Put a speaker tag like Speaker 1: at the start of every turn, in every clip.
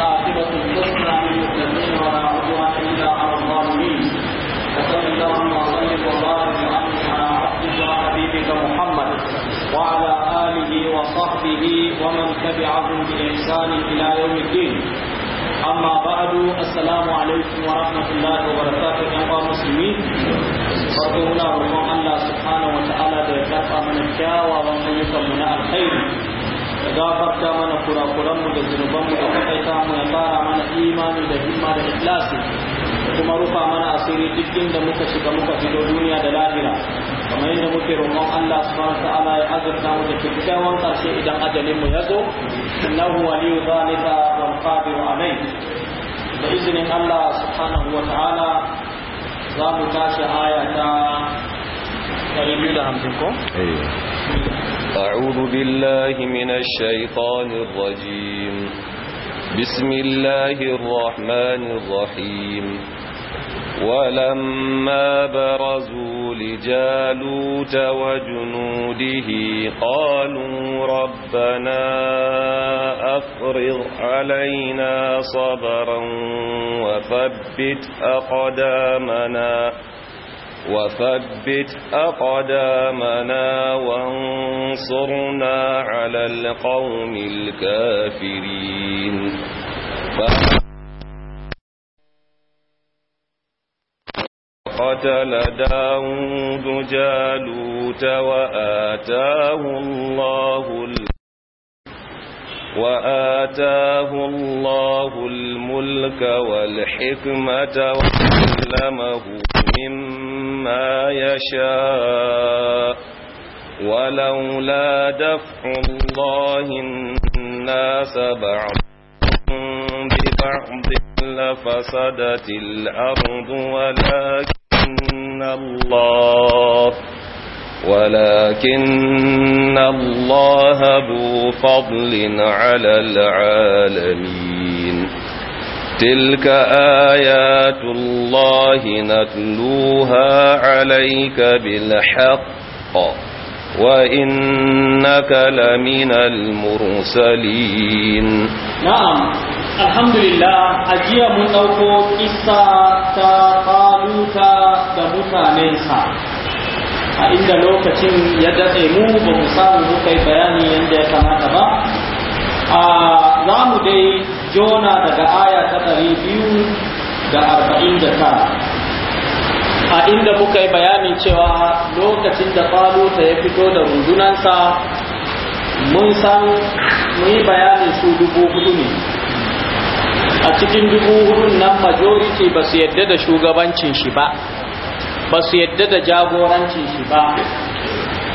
Speaker 1: والعاقبة الحسنى للمتقين ولا عدوان إلا على الظالمين وصل اللهم وسلم وبارك وأنعم على عبدك وحبيبك محمد وعلى آله وصحبه ومن تبعهم بإحسان إلى يوم الدين أما بعد السلام عليكم ورحمة الله وبركاته أيها المسلمين فرضونا رحمة الله سبحانه وتعالى da من tafa ومن kyawawan الخير gafarta mana kurakuranmu da zunubanmu da kafaita mu ya fara mana imani da himma da ikhlasi kuma rufa mana asiri duk inda muka shiga muka fito duniya da lahira kamar yadda muke roƙon Allah subhanahu ta'ala ya azurta mu da kyakkyawan ƙarshe idan ajalin mu ya zo innahu waliyu zalika wal qadiru alayh da izinin Allah subhanahu wa ta'ala za mu tashi aya ta
Speaker 2: 250 ko? Eh. أعوذ بالله من الشيطان الرجيم بسم الله الرحمن الرحيم ولما برزوا لجالوت وجنوده قالوا ربنا أفرغ علينا صبرا وثبت أقدامنا وثبت أقدامنا وثبت أقدامنا وانصرنا على القوم الكافرين قتل داود جالوت وآتاه الله الكافرين وآتاه الله الملك والحكمة وعلمه مما يشاء ولولا دفع الله الناس بعضهم ببعض لفسدت الأرض ولكن الله ولكن الله ذو فضل على العالمين تلك آيات الله نتلوها عليك بالحق وإنك لمن المرسلين
Speaker 1: نعم الحمد لله أجي من نوكو إسا تقالوك دمتانيسا a inda lokacin ya datse mu ba mu samu mu kai bayani yadda ya kamata ba a za mu dai jona daga aya ta ɗari biyu da arba'in da tara a inda muka yi bayanin cewa lokacin da faluta ya fito da rundunansa mun san yi bayanin su dubu hudu ne a cikin dubu hudun nan majority ba su yadda da shugabancin shi ba ba su yadda da jagoranci shi ba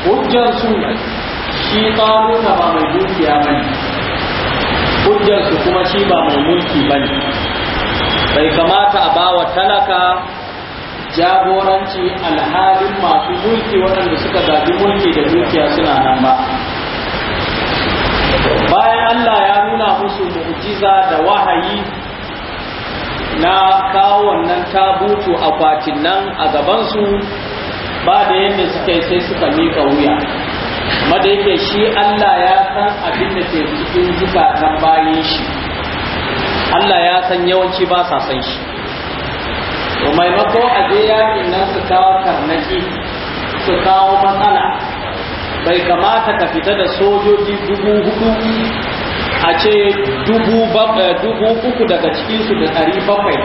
Speaker 1: hujjar su shi ƙaruta ba mai dukiya ba ne hujjar su kuma shi ba mai mulki ba ne bai kamata a bawa talaka jagoranci alhalin masu mulki waɗanda suka zaɓi mulki da dukiya suna nan ba bayan Allah ya nuna musu mu'jiza da wahayi na kawo wannan tabutu akwatin nan a gabansu ba da yadda suka yi sai suka miƙa wuya kuma yake shi Allah ya san abin da ke cikin zukatan bayan shi Allah ya san yawanci ba sa san shi to maimako a je yakin nan su kawo karnaki su kawo matsala bai kamata ka fita da sojoji dubu hudu a ce eh, dubu uku daga cikinsu da ɗari bakwai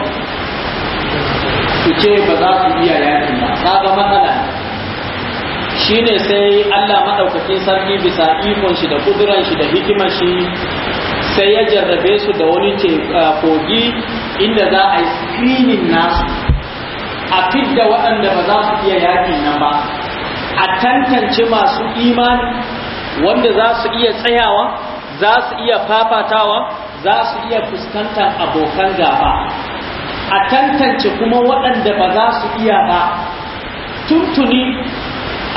Speaker 1: su ce ba za su iya yaki ba ta ga matsala shi ne sai Allah maɗaukakin sarki bisa ikon shi da kuduran shi da hikimar shi sai ya jarrabe su da wani ce eh, kogi inda za a yi screening nasu a fidda waɗanda ba za su iya yaki nan ba a tantance masu imani wanda za su iya tsayawa za su iya fafatawa za su iya fuskantar abokan gaba a tantance kuma waɗanda ba za su iya ba tuntuni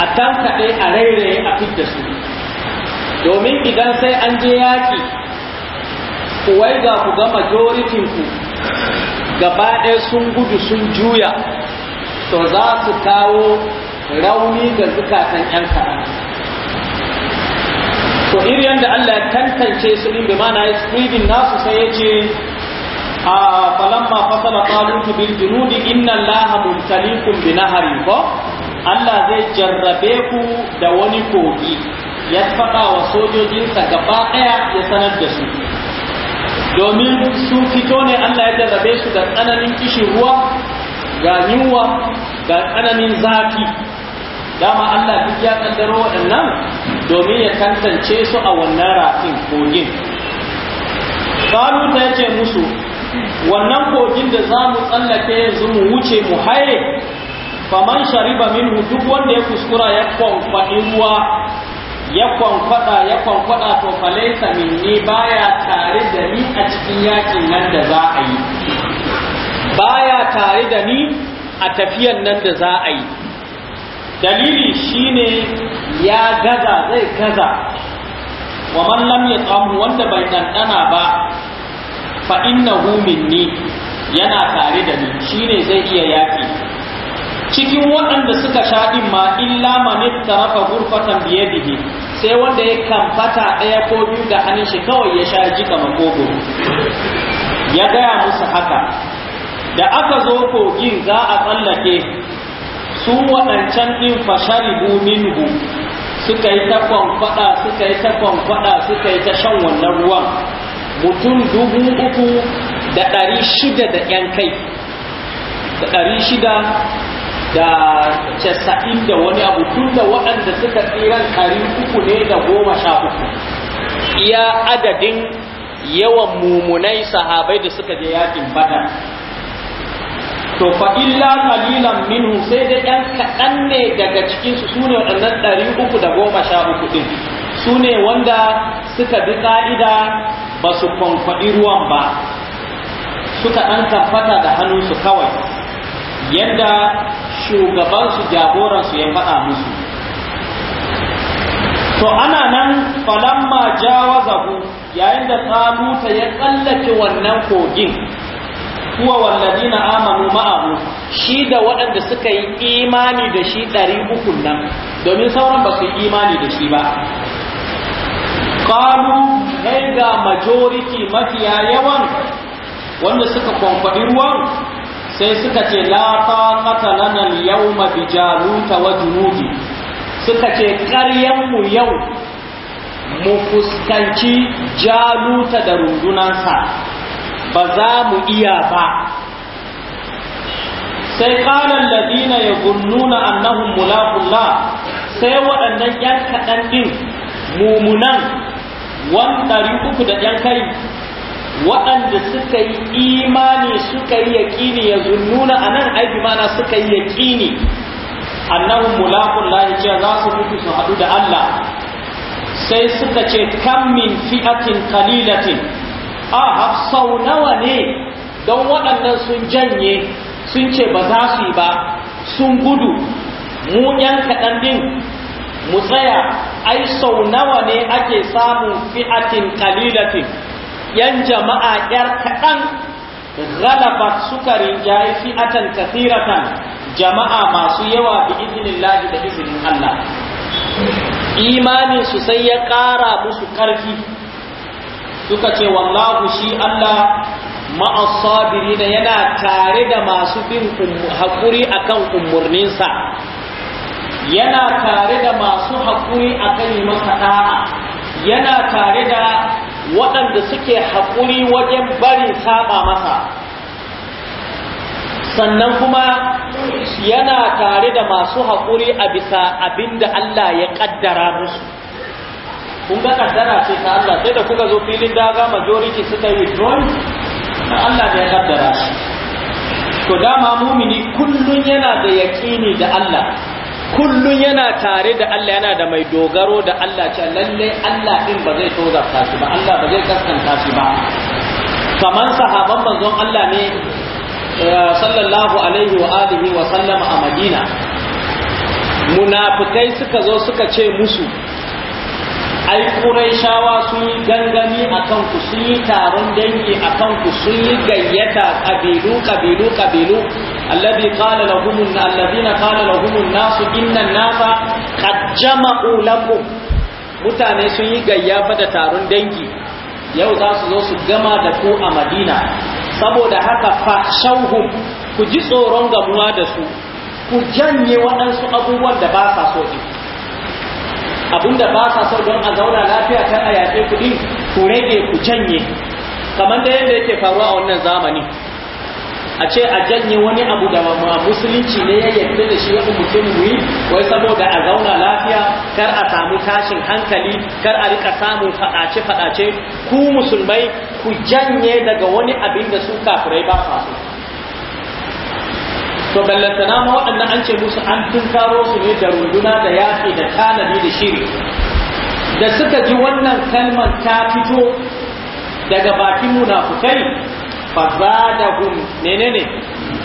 Speaker 1: a tankaɗe a rairaye a da su domin idan sai an je yaƙi kuwai ga ku ga majoritinku gaba ɗaya sun gudu sun juya to za su kawo rauni ga zukatan 'yan kaɗan to iri yadda Allah ya tantance su din bi mana ya tsibin nasu sai yace a falamma fasala talut bil junudi inna allaha mumtalikum bi nahri ko Allah zai jarrabe ku da wani kogi ya faɗa wa sojojinsa gaba ɗaya ya sanar da su domin su fito ne Allah ya jarrabe su da tsananin kishin ruwa ga yunwa ga tsananin zafi dama Allah duk ya kaddaro waɗannan domin ya tantance su a wannan rafin kogin Faluta ya ce musu wannan kogin da za mu tsallake yanzu mu wuce mu haye faman shariba min duk wanda ya kuskura ya kwamfaɗi ruwa ya kwamfaɗa ya kwamfaɗa to falaisa minni baya tare da ni a cikin yakin nan da za a yi baya tare da ni a tafiyan nan da za a yi dalili shine ya gaza zai gaza wa man lam yat'amhu wanda bai dandana ba fa innahu minni yana tare da ni shine zai iya yaki cikin waɗanda suka sha din ma illa man tarafa gurfatan bi yadihi sai wanda ya kamfata ɗaya ko biyu da hannun shi kawai ya sha ji jika makogo ya gaya musu haka da aka zo kogin za a tsallake su waɗancan ɗin fasharibu minhu suka yi ta kwamfada suka yi ta kwamfada suka yi ta shan wannan ruwan mutum dubu uku da ɗari shida da ƴan kai da ɗari shida da casa'in da wani abu tun da waɗanda suka tsiran ɗari uku ne da goma sha uku iya adadin yawan mummunai sahabai da suka je yakin badar to fa illa qalilan minhum sai dai ɗan kaɗan ne daga cikin su sune waɗannan ɗari uku da goma sha uku ɗin sune wanda suka bi ƙa'ida ba su kwankwaɗi ruwan ba suka ɗan kamfata da hannunsu kawai yadda shugabansu jagoransu ya faɗa musu to ana nan falamma jawazahu yayin da tsaluta ya tsallake wannan kogin huwa wallazina amanu ma'ahu shi da waɗanda suka yi imani da shi ɗari uku nan domin sauran ba su yi imani da shi ba qalu sai ga majority mafiya yawan wanda suka kwamfaɗi ruwan sai suka ce la taqata lana al-yawma bi jaluta wa junubi suka ce ƙaryan mu yau mu fuskanci jaluta da rundunansa ba za mu iya ba sai kanan ladina ya gunnuna annahun mulakulla sai waɗannan ‘yan kaɗan ɗin mumunan wanda ɗari uku da ‘yan kai waɗanda suka yi imani suka yi yaƙini ya zunnuna a nan aibi mana suka yi yaƙini annahun mulakulla ya ce za su mutu su haɗu da Allah sai suka ce kam min fi'atin kalilatin a sau nawa ne don waɗannan sun janye sun ce ba za su yi ba sun gudu mu yan kaɗan ɗin mu tsaya ai sau nawa ne ake samun fi'atin kalilatin yan jama'a yar kaɗan galaba suka rinjaye fi'atan kathiratan jama'a masu yawa bi lahi da izinin Allah imanin su sai ya ƙara musu ƙarfi suka ce wallahu shi Allah ma'asabiri da yana tare da masu bin umm-, haƙuri akan umarninsa yana tare da masu haƙuri akan yi masa yana tare da waɗanda suke haƙuri wajen barin saba masa sannan kuma
Speaker 3: yana tare
Speaker 1: da masu haƙuri a bisa abinda Allah ya ƙaddara musu kun ga kaddara ce ta Allah sai da kuka zo filin daga majority suka yi withdrawing na Allah da ya kaddara shi to dama mumini kullun yana da yaƙini da Allah kullun yana tare da Allah yana da mai dogaro da Allah cewa lalle Allah din ba zai toza shi ba Allah ba zai kaskanta shi ba kamar sahaban manzon Allah ne eh, sallallahu alaihi wa alihi wa sallama a Madina munafikai suka zo suka ce musu ai ƙuraishawa sun yi gangami a kanku sun yi taron dangi akan kanku sun yi gayyata ƙabilu ƙabilu ƙabilu allabi qala lahumun alladhina qala an-nas nasu innan nasa qad jama'u lakum mutane sun yi gayya da taron dangi yau za su zo su gama da ku a madina saboda haka fa shauhu ku ji tsoron gamuwa da su ku janye waɗansu abubuwan da ba sa so ku abinda ba sa so don a zauna lafiya kan a yaƙe kuɗi ku rage ku canye kamar da yadda yake faruwa a wannan zamani a ce a janye wani abu da musulunci ne ya yarda da shi wani mutum yi wai saboda a zauna lafiya kar a samu tashin hankali kar a rika samun faɗace faɗace ku musulmai ku janye daga wani abin da su kafirai ba su so to ballantana ma waɗannan an ce musu an tunkaro su ne da runduna da yaƙi da tanadi da shiri da suka ji wannan kalmar ta fito daga bakin munafukai fa zadahum menene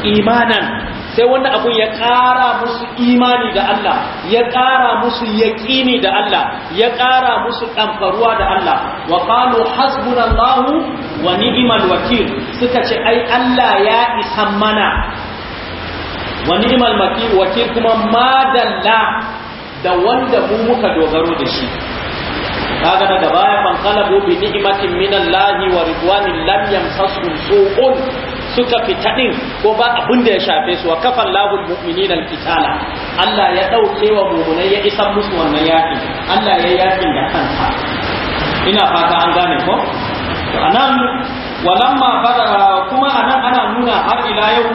Speaker 1: imanan sai wanda abu ya ƙara musu imani da Allah ya ƙara musu yaƙini da Allah ya ƙara musu ɗamfaruwa da Allah wa qalu hasbunallahu wa ni'mal wakil suka ce ai Allah ya isa mana wa ni'mal wakil kuma madalla da wanda mu muka dogaro da shi kaga daga baya fan qalabu bi ni'matin min Allah wa ridwanin lam yamsasum su'un suka fita din ko ba abin da ya shafe su wa kafan Allahu almu'minina alqitala Allah ya dauke wa mu'minai ya isa musu wannan yaki Allah ya yakin da kansa ina fata an gane ko anan walamma fara kuma anan ana nuna har ila yau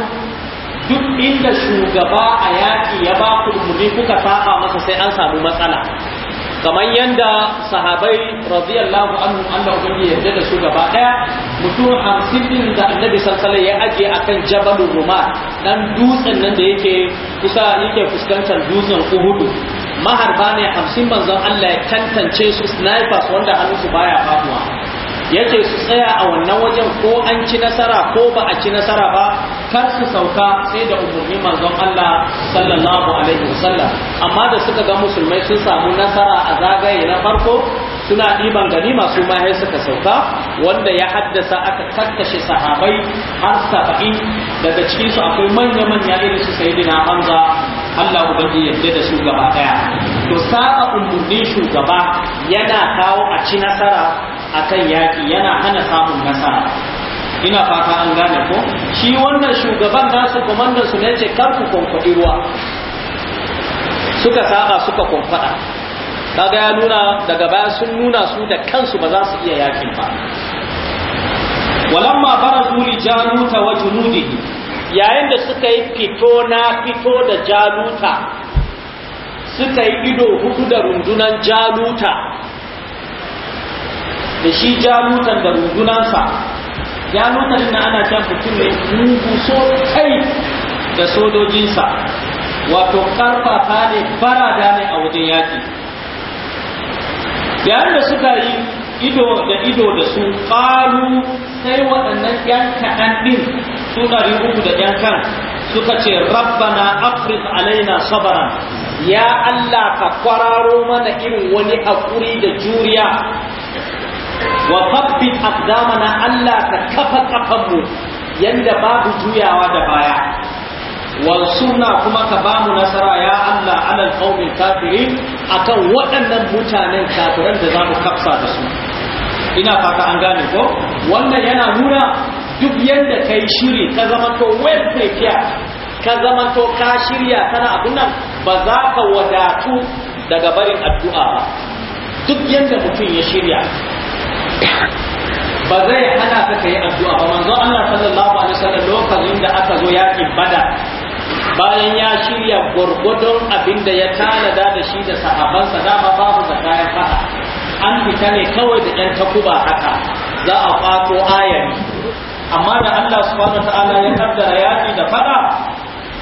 Speaker 1: duk inda shugaba a yaƙi ya ba kulmuni kuka saba masa sai an samu matsala kamar yadda sahabai radiyallahu anhu Allah ubangi yarda da su gaba daya mutum hamsin din da annabi sallallahu ya ajiye akan Jabalu ruma dan dutsen nan da yake kusa yake fuskantar dutsen uhudu maharba ne hamsin manzon Allah ya tantance su snipers wanda su baya faduwa yake su tsaya a wannan wajen ko an ci nasara ko ba a ci nasara ba kar su sauka sai da umarni manzon Allah sallallahu alaihi wasallam amma da suka ga musulmai sun samu nasara a zagaye na farko suna ɗiban gani masu mahe suka sauka wanda ya haddasa aka kakkashe sahabai har saba'in daga su akwai manya-manya irin su sayyidina hamza Allah ubangi yadda da su gaba ɗaya to sa'a umarnin shugaba yana kawo a ci nasara akan yaki yana hana samun nasara ina fata an gane ko shi wannan shugaban su komanda su ne ce kar ku ruwa suka saba suka kwankwaɗa kaga ya nuna daga baya sun nuna su da kansu ba za su iya yakin ba walamma fara li jaluta wa junudihi yayin da suka yi fito na fito da jaluta suka yi ido hudu da rundunan jaluta da shi jarutan da rundunansa jarutan da ana can mutum ne mugu so kai da sojojinsa wato karfafa ne barada ne a wajen yaki yayin da suka yi ido da ido da su ƙaru sai waɗannan ‘yan kaɗan ɗin su uku da ‘yan kan suka ce rabbana afrik alaina sabara ya Allah ka kwararo mana irin wani haƙuri da juriya wa tabbit aqdamana Allah ta kafa kafanmu yanda babu juyawa da baya wansurna kuma ka bamu nasara ya Allah alal qaumil kafirin akan waɗannan mutanen kafiran da zamu kafsa da su ina fata an gane ko wannan yana nuna duk yanda kai shiri ka zama to well prepared ka zama to ka shirya kana abun nan ba za ka wadatu daga barin addu'a ba duk yanda mutum ya shirya ba zai hana ka kai addu'a ba manzo Allah sallallahu alaihi wasallam lokacin da aka zo yakin bada bayan ya shirya gurgudun abinda ya tanada da shi da sahabansa dama babu da kayan fada an fita ne kawai da ɗan takuba haka za a kwato ayari amma da Allah subhanahu ta'ala ya kaddara yaki da fada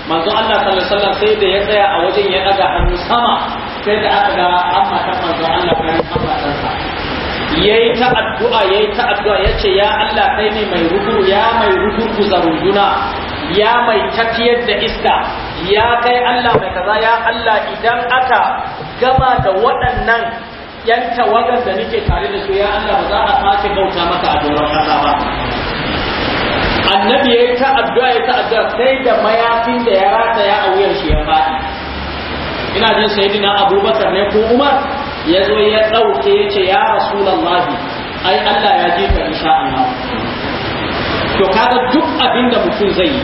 Speaker 1: manzo Allah sallallahu alaihi wasallam sai da ya tsaya a wajen ya daga hannu sama sai da aka ga amma ta manzo Allah kan kafa yayi ta addu'a yayi ta addu'a yace ya Allah kai ne mai ruku ya mai ruku juna ya mai tafiyar da iska ya kai Allah mai kaza ya Allah idan aka gama da waɗannan yan tawagar da nake tare da su ya Allah ba za a sake bauta maka a doron kasa ba annabi yayi ta addu'a yayi ta addu'a sai da mayafin da ya ya a wuyar shi ya faɗi ina jin sayyidina Abubakar ne ko Umar ya zo ya ɗauke ya ce ya rasulallahi ai Allah ya ji ka insha Allah to kaga duk abin da mutum zai yi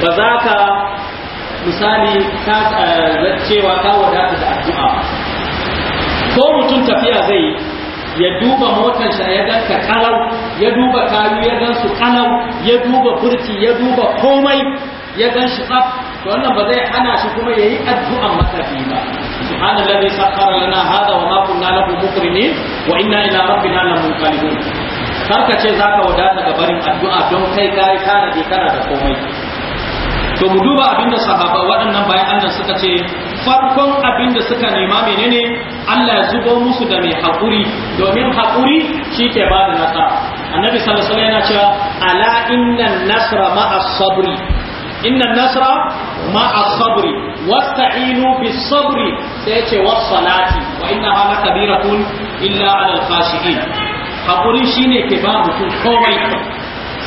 Speaker 1: ba za ka misali ka eh, cewa ka wadata da addu'a ko mutum tafiya zai ya duba motar sa ya gan ka kalau ya duba kayu ya gan su kalau ya duba burki ya duba komai ya gan shi tsaf to wannan ba zai hana shi kuma yayi addu'an makafi ba سبحان الذي سخر لنا هذا وما كنا له مقرنين وإنا إلى ربنا لمنقلبون karka ce za ka wadata ga barin addu'a don kai kayi kana da kana da komai to mu duba abinda sahaba waɗannan bayan annan suka ce farkon abin da suka nema menene Allah ya zubo musu da mai haƙuri domin haƙuri shi ke ba da nasara annabi sallallahu alaihi wasallam yana cewa ala innan nasra ma'a sabri inna nasra a sabri wasta'inu bis sabri sai ce was salati wa inna ala kabiratun illa ala al khashiin shine ke babu mutum komai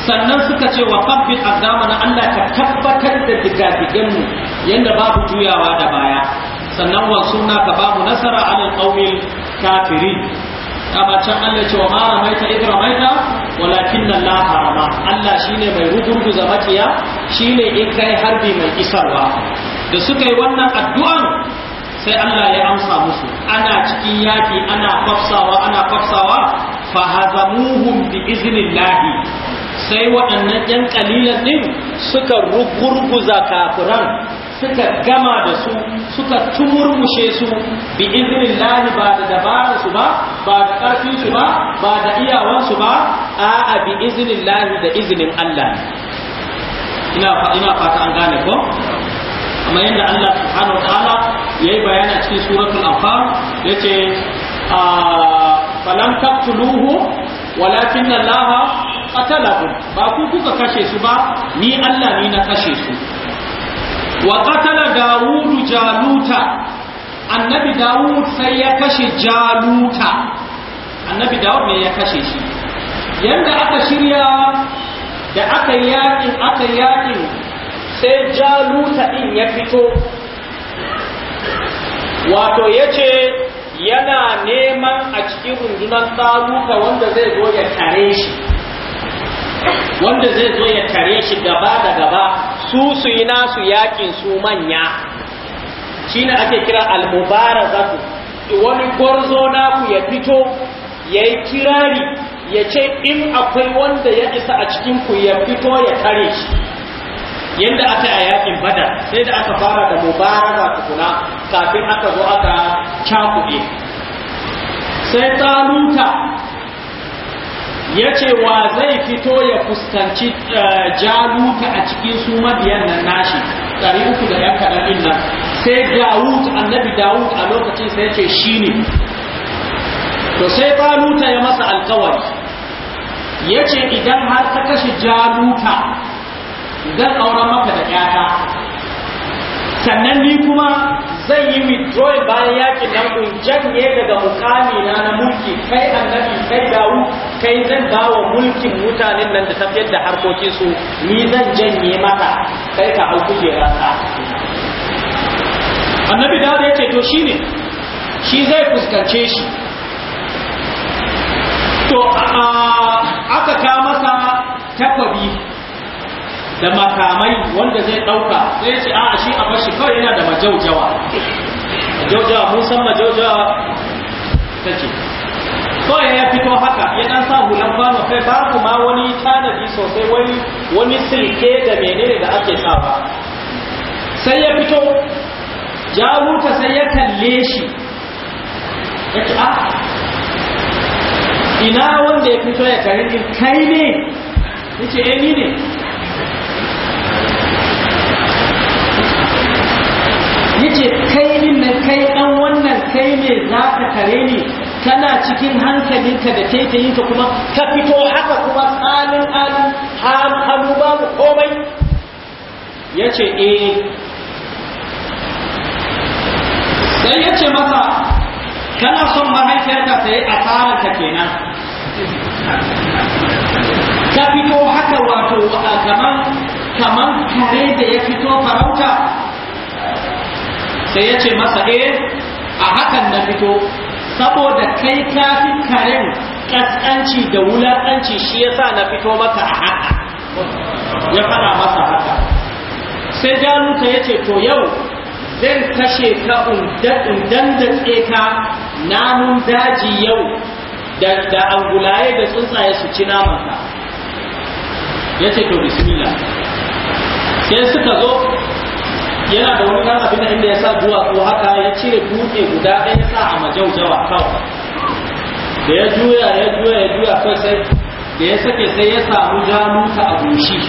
Speaker 1: sannan suka ce wa a aqdamana Allah ka tabbatar da digadigan mu yadda babu juyawa da baya sannan wa sunna ka babu nasara ala al qawmil dama can Allah ce wa ma ramaita id ramaita walakin Allah harama Allah shine mai rugurguza makiya shine in kai harbi mai isarwa da suka yi wannan addu'an sai Allah ya amsa musu ana cikin yaki ana kwafsawa ana kwafsawa fa hazamuhum bi lahi. sai waɗannan ɗan ƙalilan din suka rugurguza kafiran suka gama da su suka tumurmushe su bi izinin lahi ba da dabararsu ba ba da ƙarfinsu ba ba da iyawansu ba a'a bi izinin lahi da izinin Allah ina fata an gane ko Amma yadda Allah subhanahu wa ta'ala yayi bayani a cikin suratul anfal yace a ah, falam taqtuluhu walakin Allah qatalahu ba ku kuka kashe su ba ni Allah ni na kashe su wa qatala dawudu jaluta annabi dawud sai ya kashe jaluta annabi dawud ne ya kashe shi yanda aka shirya da aka yakin aka yakin sai jaluta din ya fito wato yace yana neman a cikin rundunar taluta wanda zai zo ya tare shi wanda zai zo ya tare shi gaba da gaba su su yi nasu yakin su manya shine ake kira Al Mubara ku wani gwarzo naku ya fito ya yi kirari ya ce in akwai wanda ya isa a cikinku ya fito ya tare shi yadda aka a yakin badar sai da aka fara da Mubara za ku kuna kafin aka zo aka cakuɗe sai taluta ya ce wa zai fito ya fuskanci eh, jaluta a cikin su mabiyan nan nashi ɗari uku da ‘yan kaɗan ɗin nan sai dawud annabi dawud a lokacin sai ce shi ne to sai faluta ya masa alkawari ya ce idan har ka kashe jaluta zan auren maka da ‘yata sannan ni kuma zan yi withdrawal bayan yakin nan in janye daga mukami na na mulki kai annabi kai dawo kai zan bawa mulkin mutanen nan da tafiyar da harkokin su ni zan janye maka kai ka hau kujera rasa annabi dawo ya ce to shine shi zai fuskance shi to aka kawo da makamai wanda zai ɗauka sai ce a shi a bashi kawai yana da majaujawa majaujawa mun san majaujawa take kawai ya fito haka ya ɗan sa hulan kwano kai babu ma wani tanadi sosai wani wani silke da menene da ake sawa sai ya fito jaruta sai ya kalle shi ya ce a ina wanda ya fito ya karin kai ne ya ce eh, ni ne yace kai din nan kai dan wannan kai ne za ka kare ni kana cikin hankalinka da taitayinka kuma ka fito haka kuma tsanin alin hannu mu komai yace eh sai yace masa kana son mahaifiyarka sai asararka kenan ka fito haka wato kaman kaman kare da ya fito farauta sai ya ce masa eh a hakan na fito saboda kai fi karen kaskanci da wulakanci shi yasa na fito maka a haka ya fara masa haka sai jaluta ya ce to yau zai kashe ka undan da tseka namun daji yau da angulaye da tsuntsaye su ci namanka ya ce to bismillah sai suka zo yana da wani nan abin da inda ya sa ko haka ya cire dutse guda ɗaya sa a majaujawa kawai da ya juya ya juya ya juya kai sai da ya sake sai ya samu jamuta a gushi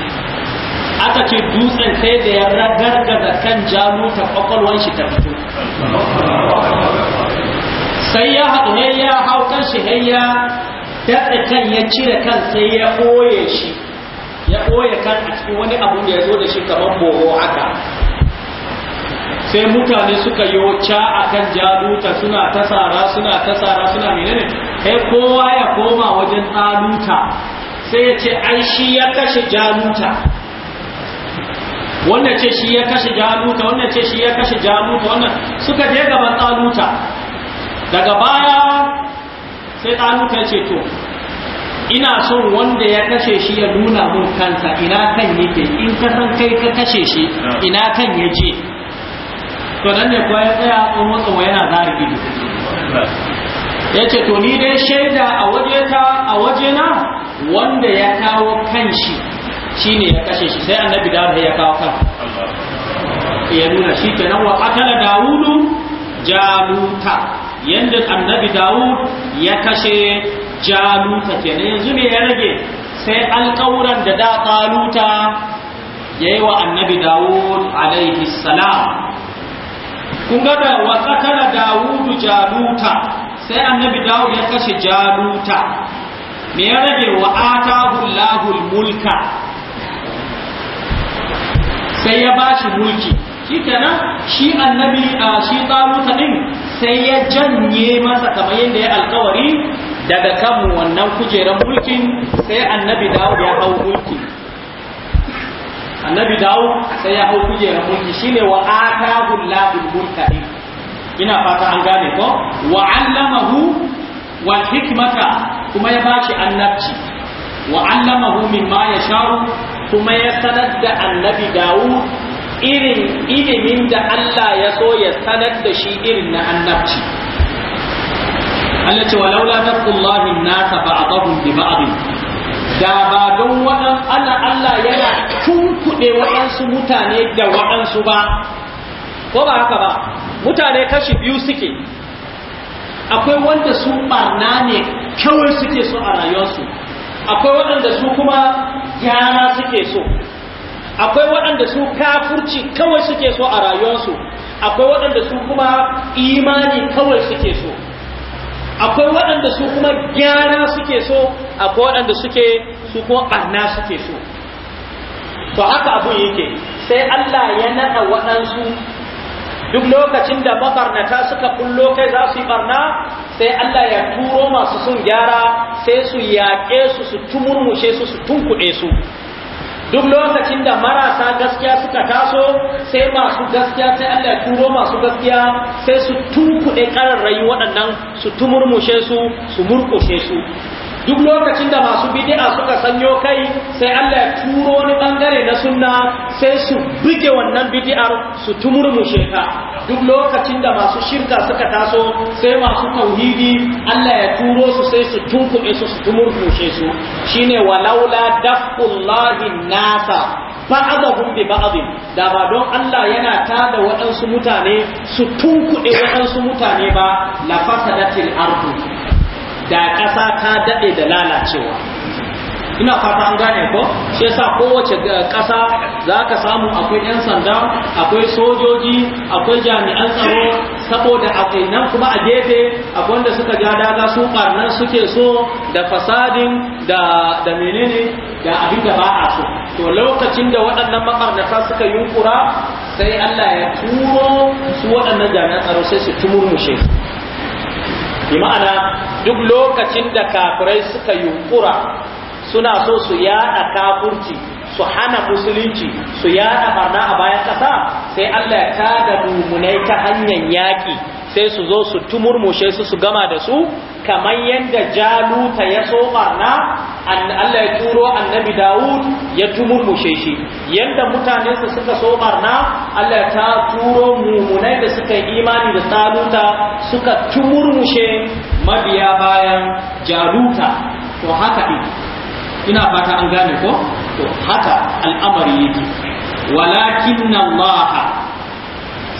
Speaker 1: aka ce dutsen sai da ya ragargaza kan jamuta kwakwalwan shi ta fito sai ya haɗu ne ya hau kan shi har ya daɗa kan ya cire kan sai ya ɓoye shi ya ɓoye kan a cikin wani abu da ya zo da shi kamar boho haka sai mutane suka yi ca a kan jaluta suna tasara suna tasara suna ne sai kowa ya koma wajen ɗaluta sai ya ce ai shi ya kashe jaluta wannan ce shi ya kashe jaluta wannan ce shi ya kashe jaluta wannan suka je gaban ɗaluta daga baya sai ɗaluta ya ce to ina son wanda ya kashe shi ya nuna mun kansa ina kan yake in ka san kai ka kashe shi ah. ina kan yake je to nan ne kuwa ya tsaya tsohon yana da su ya ce to ni dai shaida a waje ta a waje na wanda ya kawo kanshi shine ya kashe shi sai annabi da ya kawo kan ya nuna shi nan wa akala dawudu jaluta yanda annabi dawud ya kashe jaluta nan yanzu ne ya rage sai alƙawuran da da taluta ya yi wa annabi dawud alaihi salam kun ga da wa qatala dawudu jaluta sai annabi dawud ya kashe jaluta me ya rage wa atahu lahul mulka sai ya bashi mulki shi shikenan shi annabi shi taluta din sai ya janye masa kamar yadda ya alkawari daga kan wannan kujeran mulkin sai annabi dawud ya hau mulki annabi dawo sai ya hau kujerar mulki shine wa atahu lahul mulka ina fata an gane ko wa allamahu wal hikmata kuma ya bashi annabci wa allamahu mimma yasha'u kuma ya sanar da annabi dawo irin ilimin da Allah ya so ya sanar da shi irin na annabci Allah ce walaula nafsullahi nasa ba'dahum bi ba'd da ba don wannan Allah Allah yana tuntuɓe waɗansu mutane da waɗansu ba ko ba haka ba mutane kashi biyu suke akwai wanda su ɓarna ne kawai suke so a rayuwarsu akwai waɗanda su kuma gyara suke so akwai waɗanda su kafurci kawai suke so a rayuwarsu akwai waɗanda su kuma imani kawai suke so akwai waɗanda su kuma gyara suke so akwai waɗanda suke su kuma ɓarna suke so to aka abu yake sai Allah ya naɗa waɗansu duk lokacin da mabarnata suka kullo kai za su yi barna sai Allah ya turo masu sun gyara sai su yaƙe su su tumurmushe su su tunkuɗe su duk lokacin da marasa gaskiya suka taso sai masu gaskiya sai Allah ya turo masu gaskiya sai su tunkuɗe ƙararrayi waɗannan su tumurmushe su su murƙushe su duk lokacin da masu bid'a suka sanyo kai sai Allah ya turo wani bangare na sunna sai su buge wannan bid'ar su tumurmushe ta duk lokacin da masu shirka suka taso sai masu tauhidi Allah ya turo su sai su tunkuɓe su su tumurmushe su shine walaula dafullahi nasa ba'adahum bi ba'adin da ba don Allah yana tada waɗansu mutane su tunkuɗe waɗansu mutane ba la fasadatil ardu da ƙasa ta daɗe da lalacewa ina fata an gane ko shi yasa kowace ƙasa za ka samu akwai 'yan sanda akwai sojoji akwai jami'an tsaro saboda akwai nan kuma a gefe akwai wanda suka ja daga su ɓarnar suke so da fasadin da menene da abin da ba a so to lokacin da waɗannan makarnata suka yunkura sai Allah ya turo su waɗannan jami'an tsaro sai su tumurmushe bi ma'ana duk lokacin da kafirai suka yunkura suna so su yada kafurci su hana musulunci su yada barna a bayan kasa sai Allah ya tada mumunai ta hanyar yaki sai su zo su tumurmushe su su gama da su kamar yadda jaluta ya so barna Allah ya turo annabi Dawud ya tumurmushe shi Yadda mutanensa suka so barna Allah ya ta turo mumunai da suka yi imani da saluta suka tumurmushe mabiya bayan jaruta to haka din ina fata an gane ko to haka al'amari yake walakin Allah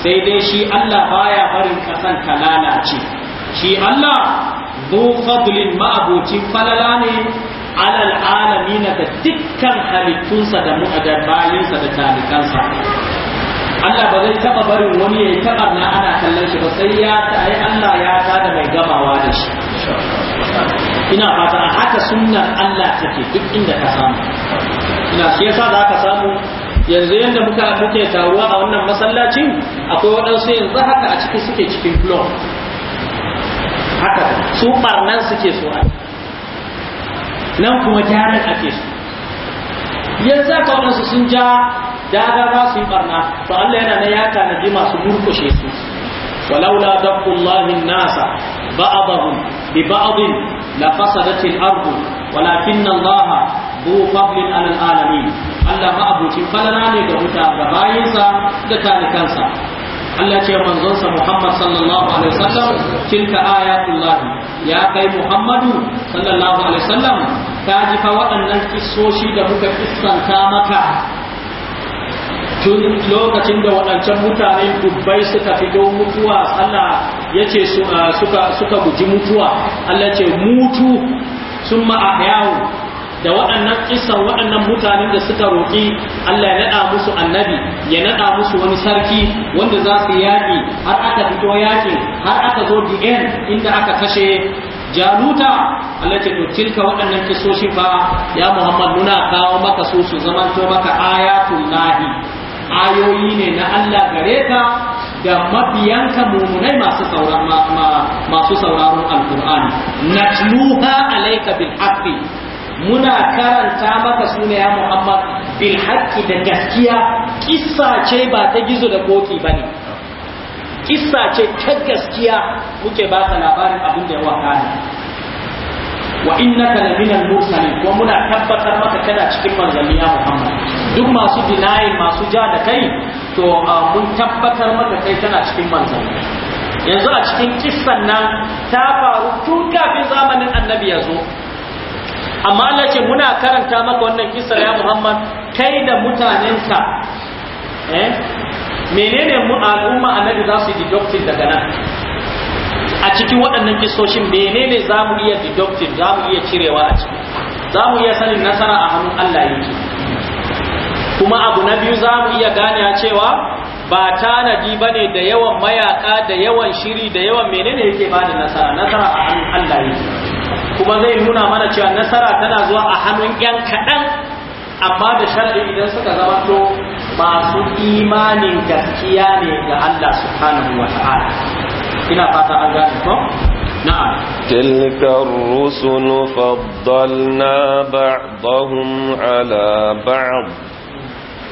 Speaker 1: sai dai shi Allah baya barin kasan ta lalace shi Allah zu fadlin ma'abocin falala ne alal alamina da dukkan halittunsa da mu'adar bayinsa da talikansa Allah ba zai taɓa barin wani ya yi taɓa na ana kallon shi ba sai ya tsaye Allah ya da mai gamawa da shi ina fata a haka sunnar Allah take duk inda ka samu ina shi yasa za ka samu yanzu yadda muka muke taruwa a wannan masallacin akwai waɗansu yanzu haka a ciki suke cikin blog haka su barnan suke so a nan kuma gyaran ake su yanzu sun ja daga za su yi barna to Allah yana na ya tanadi masu murkushe su walaula dabbullahi nasa ba'dahum bi ba'dhin la fasadatil ardu walakin Allah bu fadlin alal alamin Allah ma abucin falala ne ga mutane ga bayinsa da talikansa Allah ce manzonsa Muhammad sallallahu alaihi wasallam tilka ayatullahi ya kai Muhammadu sallallahu alaihi wasallam ka ji fa waɗannan kissoshi da muka kissanta maka tun lokacin da waɗancan mutane dubbai suka fito mutuwa Allah yace suka suka guji mutuwa Allah ce mutu sun ma'ahyawu da waɗannan kisan waɗannan mutanen da suka roƙi Allah ya naɗa musu annabi ya naɗa musu wani sarki wanda za su yaƙi har aka fito yaƙin har aka zo biyan, inda aka kashe jaluta Allah ce to tilka waɗannan kisoshi fa ya Muhammad muna kawo maka su su zamanto maka ayatul lahi ayoyi ne na Allah gare ka da mabiyanka mumunai masu sauraron masu sauraron alqur'ani natluha alayka bil haqqi muna karanta maka suna ya muhammad bil haƙƙi da gaskiya
Speaker 3: kissa ce ba
Speaker 1: ta gizo da koki ne kissa ce ta gaskiya muke ba labarin abin da ya wakana wa innaka musa mursalin kuma muna tabbatar maka kana cikin manzanni ya muhammad duk masu dinayi masu ja da kai to mun tabbatar maka kai kana cikin manzanni yanzu a cikin kissan nan ta faru tun kafin zamanin annabi ya zo amma Allah ce muna karanta maka wannan kisa ya Muhammad kai da mutanenka eh menene mu al'umma annabi za su deducting daga nan a cikin waɗannan kisoshin menene za mu iya deducting za mu iya cirewa a ciki za mu iya sanin nasara a hannun Allah yake kuma abu na biyu za mu iya gane cewa ba tanadi ba ne da yawan mayaka da yawan shiri da yawan menene yake ba da nasara nasara a hannun Allah ne kuma zai nuna mana cewa nasara tana zuwa a hannun yan kaɗan amma da sharadi idan suka zama to masu imanin gaskiya ne ga Allah na wa ta'ala ina fata an gane ko
Speaker 2: نعم تلك الرسل فضلنا بعضهم على بعض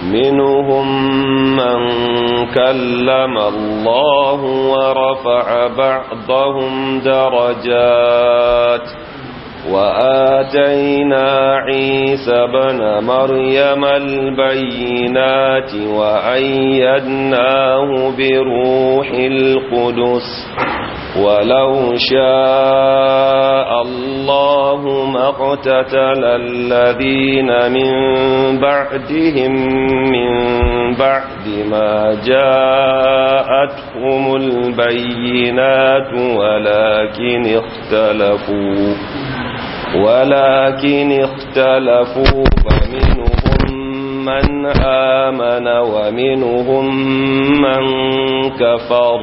Speaker 2: منهم من كلم الله ورفع بعضهم درجات وآتينا عيسى بن مريم البينات وأيدناه بروح القدس ولو شاء الله ما اقتتل الذين من بعدهم من بعد ما جاءتهم البينات ولكن اختلفوا ولكن اختلفوا فمنهم من آمن ومنهم من كفر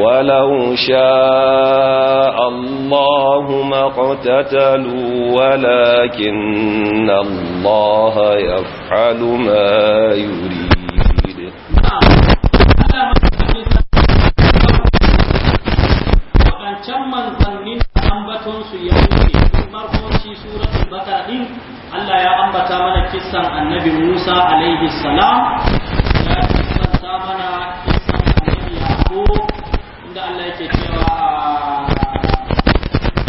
Speaker 2: ولو شاء الله ما اقتتلوا ولكن الله يفعل ما يريد
Speaker 3: can
Speaker 1: manzannin ambatonsu ya wuce farkonci suratul bakara din Allah ya ambata mana kissan annabi Musa alaihi salam ya kissanta mana kissan annabi Yaqub inda Allah yake
Speaker 3: cewa ah,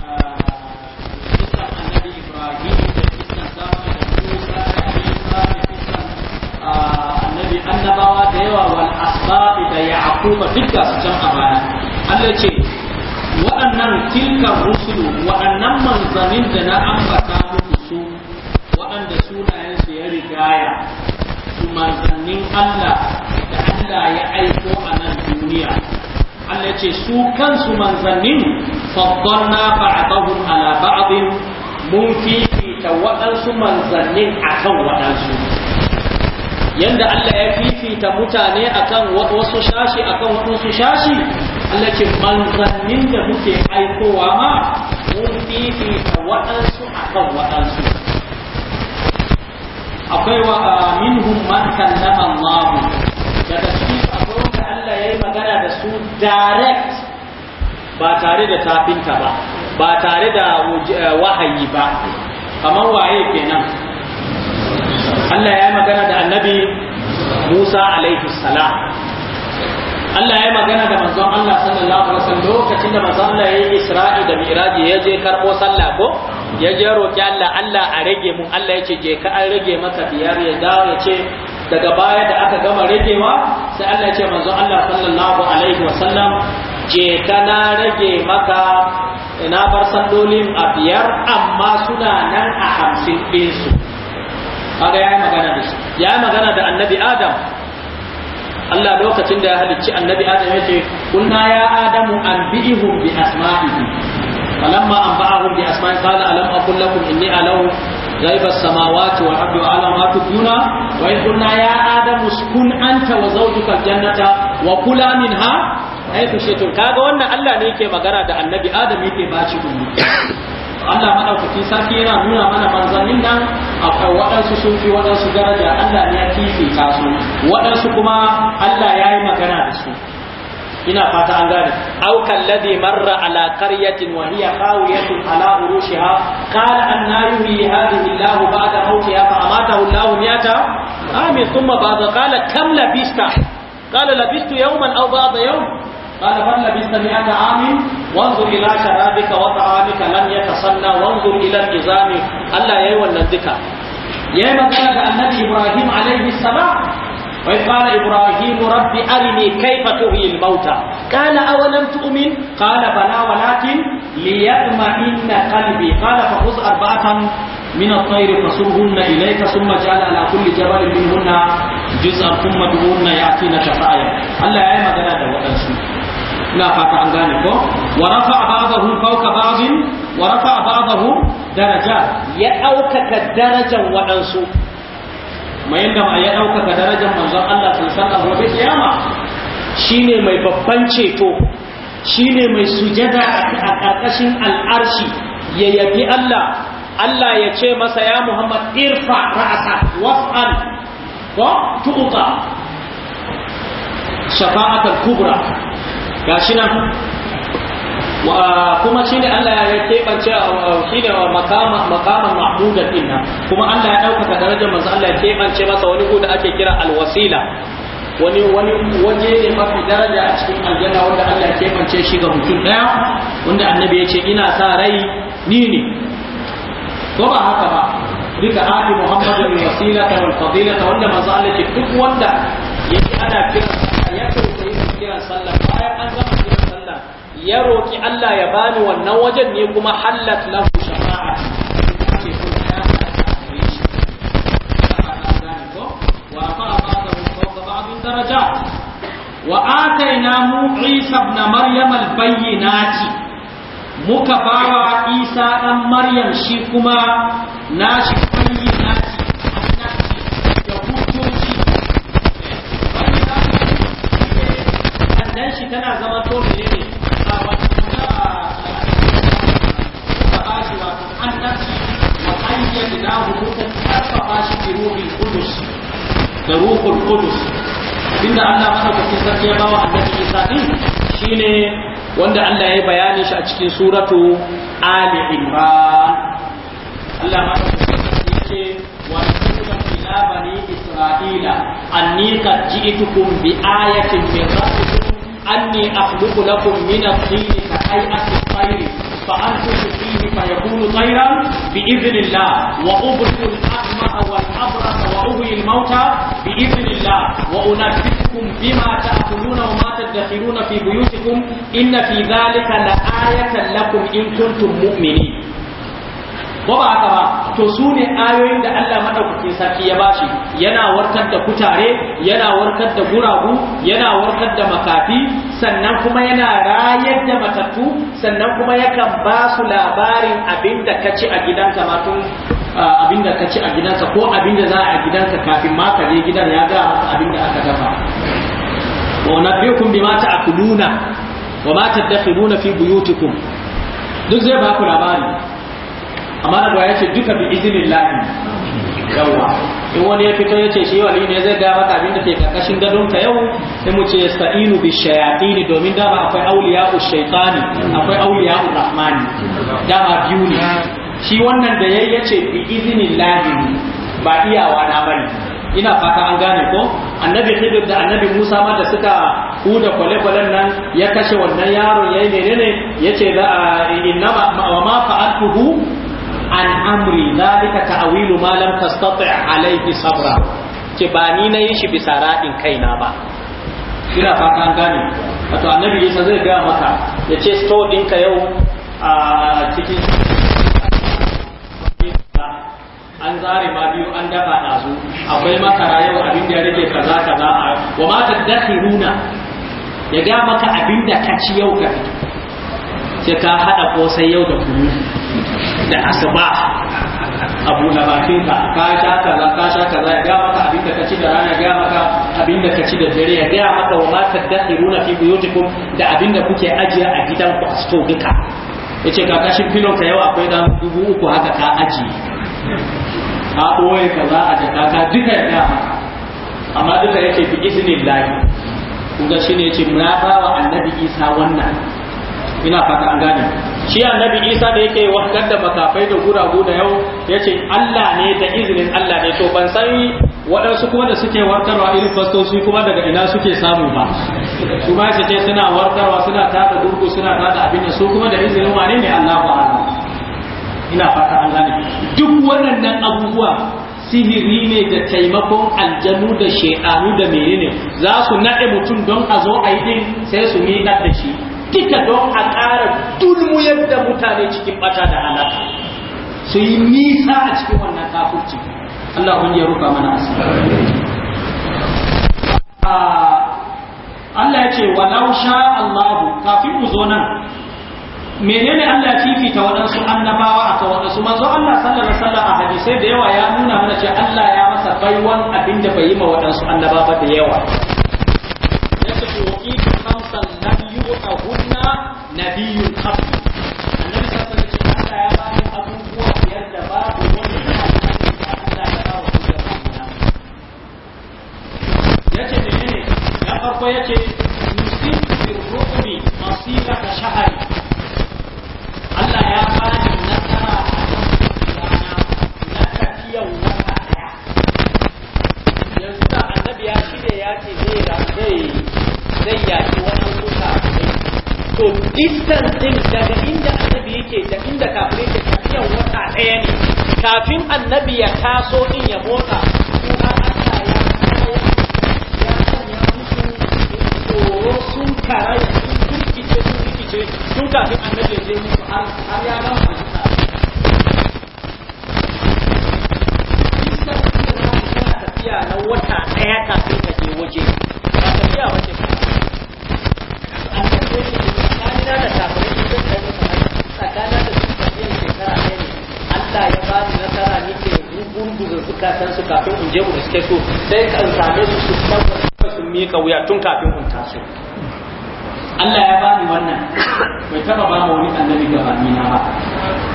Speaker 3: ah, kissan annabi Ibrahim da kissan zamani da Musa da
Speaker 1: Isa da kissan ah, annabi annabawa da yawa wal asbab da Yaqub duka su can a baya Allah ce
Speaker 3: waɗannan tilkan rusulu waɗannan manzanin da na ambata muku su waɗanda sunayensu ya rigaya su manzannin
Speaker 1: Allah da Allah ya aiko a nan duniya Allah ce su kansu manzannin faddalna ba'dahum ala ba'din mun fifita waɗansu manzannin akan waɗansu yanda Allah ya fifita mutane akan wasu shashi akan wasu shashi Allah ce manzannin da muke aikowa ma mun fifita waɗansu akan waɗansu akwai wa minhum man kallama Allah
Speaker 3: daga cikin akwai wanda Allah ya yi magana da su
Speaker 1: direct ba tare da tafinta ba ba tare da eh, wahayi ba kamar waye kenan Allah ya yi magana da annabi Musa alaihi salam Allah ya yi magana da manzon Allah sallallahu alaihi wasallam lokacin da manzon Allah ya yi Isra'i da Mi'raji ya je karbo sallah ko ya je roƙi Allah Allah a rage mun Allah ya ce je ka an rage maka biyar ya dawo ya ce daga baya da aka gama ragewa sai Allah ya ce manzon Allah sallallahu alaihi wasallam je ka na rage maka na bar sandolin a biyar amma suna nan a hamsin ɗinsu Ya yayi magana da shi magana da annabi adam Allah lokacin da ya halicci annabi adam ce, kunna ya adamu anbi'ihum bi asma'ihi falamma anba'ahum bi asma'i qala alam aqul lakum inni غيب السماوات والأرض وعلى ما تبدون وإذ قلنا يا آدم اسكن أنت وزوجك الجنة وكلا منها حيث شئتم كاغا wannan Allah ne ke magana da Annabi Adam yake bashi ummi Allah madaukaki sarki yana nuna mana manzannin nan akwai waɗansu sun fi waɗansu daraja Allah ya fifita su waɗansu kuma Allah ya yi magana da su ina fata an gane aw kalladhi marra ala qaryatin wa hiya khawiyatun ala urushiha qala anna yuhyi hadhihi Allah ba'da mawtiha fa amatahu Allah miyata amin thumma ba'da qala kam labista qala labistu yawman aw ba'da yawm قال من لبست مئة عام وانظر إلى شرابك وطعامك لم يتسنى وانظر إلى النظام ألا يهوى الذكر يا مكان النبي إبراهيم عليه السلام وإذ قال إبراهيم رب أرني كيف تحيي الموتى قال أولم تؤمن قال بلى ولكن ليطمئن قلبي قال فخذ أربعة من الطير فصرهن إليك ثم اجعل على كل جبل منهن جزءا ثم ادعوهن يأتينك سعيا الله يا مغنى ده وأنسوا ina fata an gane ko wa rafa ba'dahu fawqa ba'din wa rafa ba'dahu daraja ya ɗaukaka darajar waɗansu mai yadda ya ɗaukaka darajar manzon Allah sallallahu alaihi wasallam kiyama shine mai babban ceto shine mai sujada a ƙarƙashin al'arshi ya yabi Allah Allah ya ce masa ya Muhammad irfa ra'asa was'al wa tu'ta shafa'atul kubra gashi nan kuma shi ne Allah ya keɓance shi ne makaman ma'budan din nan kuma Allah ya ɗaukaka darajar manzo Allah ya keɓance masa wani da ake kira alwasila wani wani waje ne mafi daraja a cikin aljanna wanda Allah ya keɓance shi ga mutum ɗaya wanda annabi ya ce ina sa rai ni ne ko ba haka ba duka ali muhammadin wasila ta wal fadila ta wanda manzo Allah ya ce duk wanda yake ana kira
Speaker 3: ya kai kiran sallah
Speaker 1: ya roki Allah ya bani wannan wajen ne kuma hallat lahu shafa'a
Speaker 3: ce wa fa
Speaker 1: ba'dahu Isa ibn Maryam al-bayyinati muka bawa Isa dan Maryam shi kuma nashi bayyinati dan shi tana zama to ne
Speaker 3: annabci wa ayyadnahu muka karfafa shi bi ruhul qudus
Speaker 1: da ruhul qudus inda Allah madaukakin sarki ya bawa annabi Isa din shine wanda Allah ya bayani shi a cikin suratu Ali Imran Allah madaukakin sarki yake wa nusula ila bani Isra'ila anni qad ji'tukum bi ayatin min rabbikum anni akhluqu lakum min at-tin ka hay'ati at-tayr فأنفخ فيه فيكون طيرا بإذن الله وأبرك الأعمى والأبرص وأغوي الموتى بإذن الله وأنبئكم بما تأكلون وما تدخرون في بيوتكم إن في ذلك لآية لكم إن كنتم مؤمنين ba ba haka ba to su ne ayoyin da Allah madaukakin sarki ya bashi yana warkar da kutare yana warkar da guragu yana warkar da makafi sannan kuma yana rayar da matattu sannan kuma yakan ba su labarin abinda ka ci a gidanka ma abinda ka ci a gidanka ko abinda za a gidanka kafin ma ka je gidan ya ga maka abinda aka dafa wa nabiyukum bima ta'kuluna wa ma tadakhiruna fi buyutikum duk zai ba ku labari amma da ya ce duka bi iznillah yawa in wani ya fito ya ce shi wali ne zai ga maka abin da ke karkashin gadon ka yau sai mu ce sa'inu bi ne domin dama akwai awliya'u shaytani akwai awliya'u rahmani dama biyu ne shi wannan da yayi yace bi izinin iznillahi ba iyawa na bane ina fata an gane ko annabi hidir da annabi musa ma da suka huda kwale-kwalen nan ya kashe wannan yaron ya yi menene ya ce za a inna wa ma fa'altuhu an amri zalika ta'wilu ma lam tastati' alayhi sabra ke ba ni na yi shi bisa raɗin kaina ba ina fata an gane wato annabi Isa zai ga maka ya ce store dinka yau a cikin an zare ma biyu an dafa ɗazu akwai makara yau abin da ya rage kaza kaza a wa ma tadakhiruna ya ga maka abin da ka ci yau ka fito sai ka haɗa kosai yau da kunu da asuba abu na bakin ka ka sha kaza ka sha kaza ya ga maka abinda ka ci da rana ya ga maka abinda ka ci da dare ya ga maka wa ma tadakhiruna fi buyutikum da abinda kuke ajiya a gidan ku a sto duka yace ka kashin filon ka yau akwai dan dubu uku haka ka ajiye ka boye kaza a jaka ka duka ya ga amma duka yake bi iznillah kun ga shine yace na ba wa annabi Isa wannan ina fata an gane shi annabi isa da yake wakar da makafai da guragu da yau ya ce allah ne da izinin allah ne to ban san waɗansu kuma da suke warkarwa irin fastoci kuma daga ina suke samu ba su ma su ce suna warkarwa suna tada gurgu suna tada abin da su kuma da izinin wane ne allah ba ina fata an gane duk waɗannan abubuwa sihiri ne da taimakon aljanu da shedanu da menene za su naɗe mutum don a zo a yi sai su miƙar da shi duka don a ƙara dulmu yadda mutane cikin ɓata da halaka su yi nisa a cikin wannan kafurci Allah kun ya rufa mana asiri ah, Allah ya ce walau sha Allahu kafin mu zo nan menene Allah ya fifita waɗansu annabawa a akan waɗansu manzo Allah sallallahu alaihi a hadisai da yawa ya nuna mana ce Allah ya masa baiwan abinda bai yi ma waɗansu annabawa
Speaker 3: ba da yawa yace to kamsan na nabiyyun qabl annabi sallallahu alaihi wasallam ya bani abubuwa biyar da da babu wanda ya Allah da ba Ya ce yace menene na farko yace
Speaker 1: nusibu bi rubi masira ta shahari Allah ya bani nasara na tafiyan wata daya yanzu da annabi ya shirya ya ce zai zai yaki wannan to distance din daga inda annabi yake da inda kafirai ke tafiyan wata ɗaya ne kafin annabi ya taso in ya motsa kuma Allah ya kawo
Speaker 3: ya sanya musu tsoro sun karaya sun rikice sun rikice sun kafin annabi ya je musu har ya ba su tafiya na wata ɗaya kafin ka je waje ba tafiya wace tsakanina da kafirai sun kai musu tsakanina da su tafiyan shekara ɗaya ne Allah ya ba ni
Speaker 1: nasara nake gungurin zukatan su kafin in je mu suke so sai kan same su su tabbata sun miƙa wuya tun kafin in taso Allah ya bani wannan bai taba ba wani annabi gabani na ba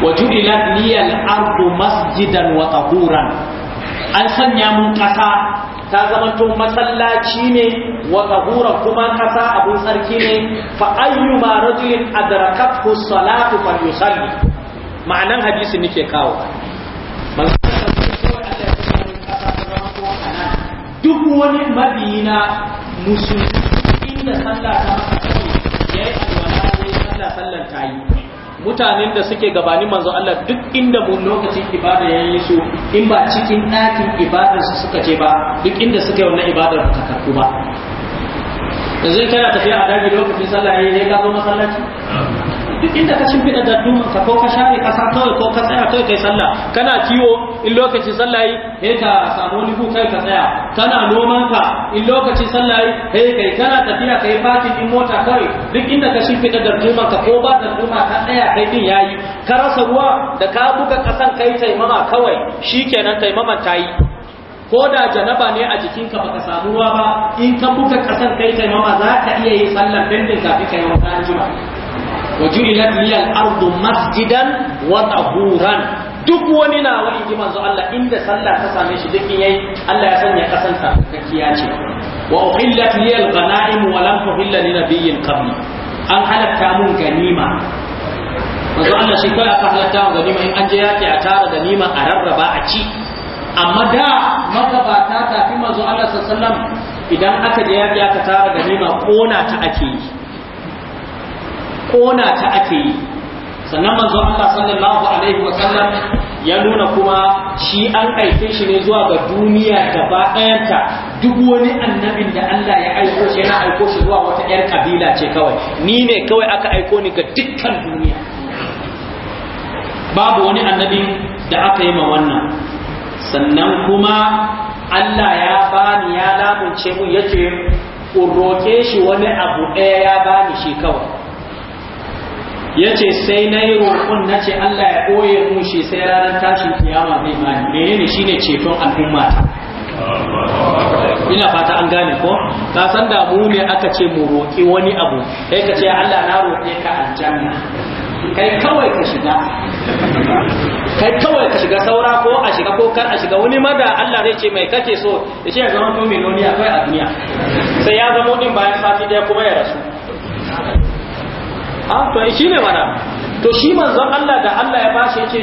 Speaker 1: wa ju'ilat liyal ardu masjidan wa tahuran an sanya mun kasa ta zamanto masallaci ne wa tahura kuma kasa abun sarki ne fa ayyuma rajulin adrakathu salatu falyusalli ma'anan hadisi nake kawo duk wani madina musulmi inda sallah ta masa ya yi alwala ne sallah sallan ta yi mutanen da suke gabani manzo Allah duk inda mun lokacin ibada ya yi su in ba cikin ɗakin ibadar su suka je ba duk inda suka yi wannan ibadar ta ba yanzu kana tafiya a daji lokacin sallah ya ka zo masallaci duk inda ka shimfiɗa da dumanka ko ka share ƙasa kawai ko ka tsaya kawai kai sallah kana kiwo in lokacin sallah yi sai ka samu wani kai ka tsaya kana nomanka in lokacin sallah yi sai kai kana tafiya kai fatin in mota kawai duk inda ka shimfida da dumanka ko ba da duma ka tsaya kai din yayi ka rasa ruwa da ka buga ƙasan kai taimama kawai shikenan taimaman ta yi ko da janaba ne a jikinka baka samu ruwa ba in ka buga kasan kai taimama za ka iya yin sallar ka kafin kai wata juma'a وجعلت لي الأرض مسجدا وطهورا duk wani na wani ji manzo Allah inda sallah ta same shi duk yayi Allah ya sanya kasanta kakkiya ce wa uhillat li al-ghanaim wa lam tuhilla li nabiyyin qabli an halatta mun ganima manzo Allah shi kai aka halatta mun ganima in an je yaki a tara ganima a rarraba a ci amma da magabata tafi manzo Allah sallallahu alaihi wasallam idan aka je yaki aka tara ganima kona ta ake yi kona ta ake yi sannan manzo Allah sallallahu alaihi wa sallam ya nuna kuma shi an aike shi ne zuwa ga duniya gaba ɗayanta duk wani annabin da Allah ya aiko shi yana aiko shi zuwa wata ƴar kabila ce kawai ni ne kawai aka aiko ni ga dukkan duniya babu wani annabi da aka yi ma wannan sannan kuma Allah ya bani ya labunce mu yace in roke shi wani abu ɗaya ya bani shi kawai ya ce sai na yi roƙon na ce Allah ya ɓoye mun shi sai ranar tashin kiyama zai bani menene shine ceton al'umma ta ina fata an gane ko ka san da mu ne aka ce mu roƙi wani abu kai ka ce Allah na roƙe ka aljanna kai kawai ka
Speaker 3: shiga kai kawai ka shiga saura ko a shiga
Speaker 1: ko kar a shiga wani ma da Allah zai ce mai kake so ya ce ya zama to miliyoniya kai a duniya sai ya zama din bayan sati daya kuma ya rasu ha to shi ne mana to shi manzon Allah da Allah ya bashi yace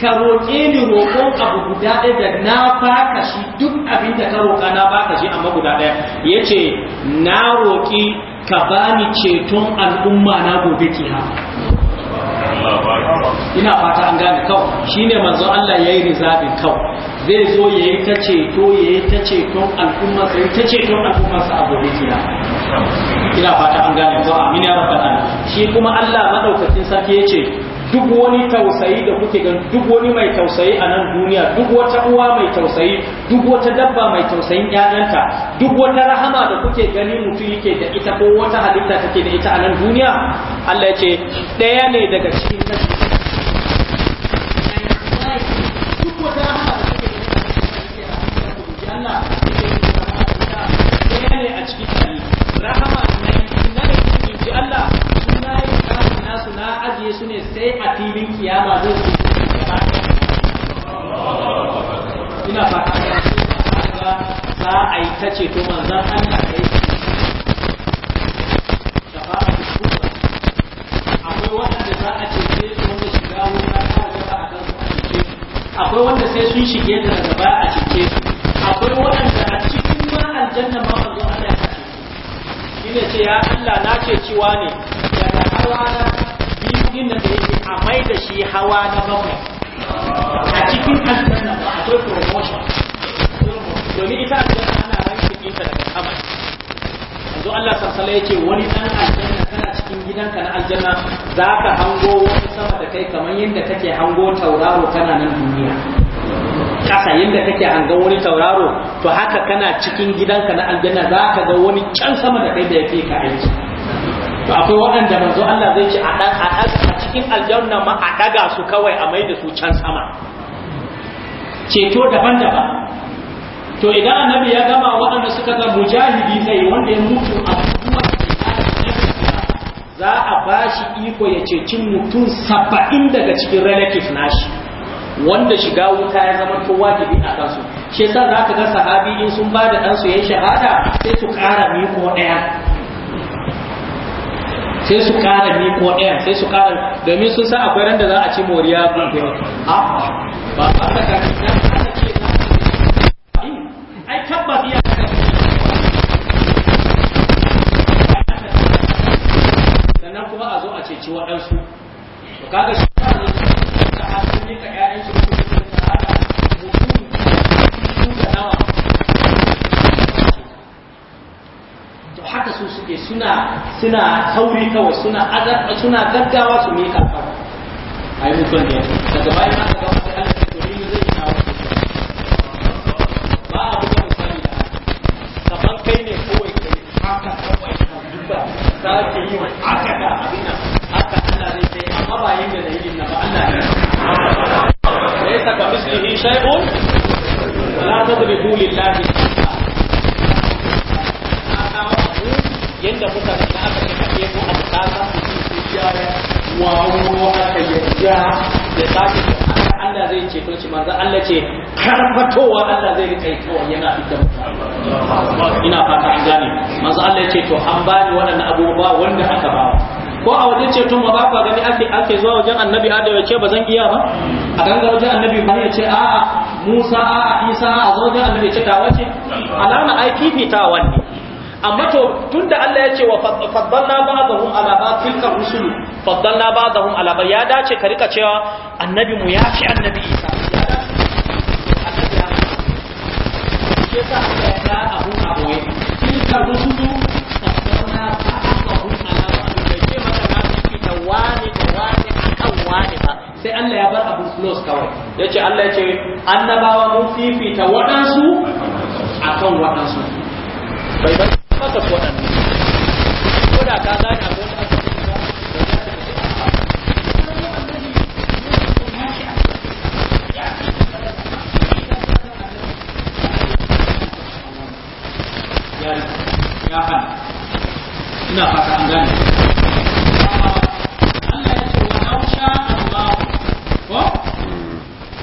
Speaker 1: ka roƙe ni roƙon abu guda ɗaya da na faka shi duk abin da ka roƙa na baka shi amma guda ɗaya yace na roƙi ka bani ceton al'umma na gobe kiyama ina fata an gane shi ne manzo Allah ya yayi rizabin kawo zai zo ya yi ta ceto ya yi ta ceton ya yi ta ceton al'ummarsa a gobe kina ina fata an gane kawo amina rabbanan shi kuma Allah madaukakin sarki ce. duk wani tausayi da kuke gan duk wani mai tausayi a nan duniya duk wata uwa mai tausayi duk wata dabba mai tausayin ƴaƴanta duk wani rahama da kuke gani mutum yake da ita ko wata halitta take da ita a nan duniya Allah ya ce ɗaya ne daga cikin nan na na Allah su na ajiye su ne sai a filin kiyama zai su ina fata za a yi ta ceto manzan Allah da yake akwai wanda za a cece su wanda shiga na ta gaba a kan su a cece akwai wanda sai sun shige da gaba a cece su akwai wanda a cikin ma aljanna ma manzo Allah ya ce shi ne ce ya Allah na ce ciwa ne Yana hawa na cikin nan da yake a mai da shi hawa na bakwai a cikin aljanna ba akwai promotion domin ita aljanna ana rankin kinta daga sama yanzu Allah sassala ya ce wani ɗan aljanna kana cikin gidanka na aljanna za ka hango wani sama da kai kamar yadda kake hango tauraro kana nan duniya kasa yadda kake hango wani tauraro to haka kana cikin gidanka na aljanna za ka ga wani can sama da kai da ya fi ka aiki to akwai waɗanda manzo Allah zai ce a cikin aljanna ma a daga su kawai a mai da su can sama ceto daban-daban to idan annabi ya gama waɗanda suka ga mujahidi zai wanda ya mutu a kuma za a ba shi iko ya ceci mutum saba'in daga cikin relative nashi wanda shiga wuta ya zama kowa wajibi a kansu shi yasa za ka ga sahabi in sun ba da ɗansu ya yi shahada sai su ƙara miko ɗaya sai su ƙara ko ɗaya sai su ƙara domin sun san akwai randa za a ci moriya ba
Speaker 3: a ba a saka na ce na ai tabbas ba sannan kuma a zo a ceci waɗansu to kaga shi
Speaker 1: suna suna sauri kawai suna azar suna gaggawa su mika kawai ai mutum ne daga bayan aka ga
Speaker 3: wata Allah to ni zai yi nawa ba a buga misali da kaman kai ne kawai kai haka kawai duba Ta ke yi wani haka da abin nan haka Allah zai sai amma ba yin da yi na ba Allah ne laysa ka mislihi
Speaker 1: shay'un la tadribu lillahi yadda kuka na aka ce kake ko a tsaka ya wawo aka yadda da tsaki Allah zai ce kun ci manzo Allah ce karfatowa Allah zai rika kawai yana fitta ina fata an gane manzo Allah ya ce to an bani waɗannan abubuwa wanda aka bawa ko a wajen ma ba ka gani ake ake zuwa wajen annabi adam ya ce ba zan iya ba a ganga wajen annabi ba ya ce a'a musa a'a isa a zo wajen annabi ce ta wace alama ai fifita wanne amma to tunda Allah ya ce wa faddalna ba'dahum ala ba'd tilka rusul faddalna ba'dahum ala ba'd ya dace ka rika cewa annabi mu ya fi annabi Isa ya dace annabi ya ce ta Allah ya da abu a boye
Speaker 3: tilka rusul faddalna ba'dahum ala ba'd bai ce maka na fi da wani da wani akan wani ba
Speaker 1: sai Allah ya bar abu close kawai yace Allah ya ce annabawa mun fifita waɗansu akan waɗansu bai bai maka waɗannan ko da ka gane abu da aka ce ba ya hana
Speaker 3: ina fata an gane Allah ya ce walau sha Allah ko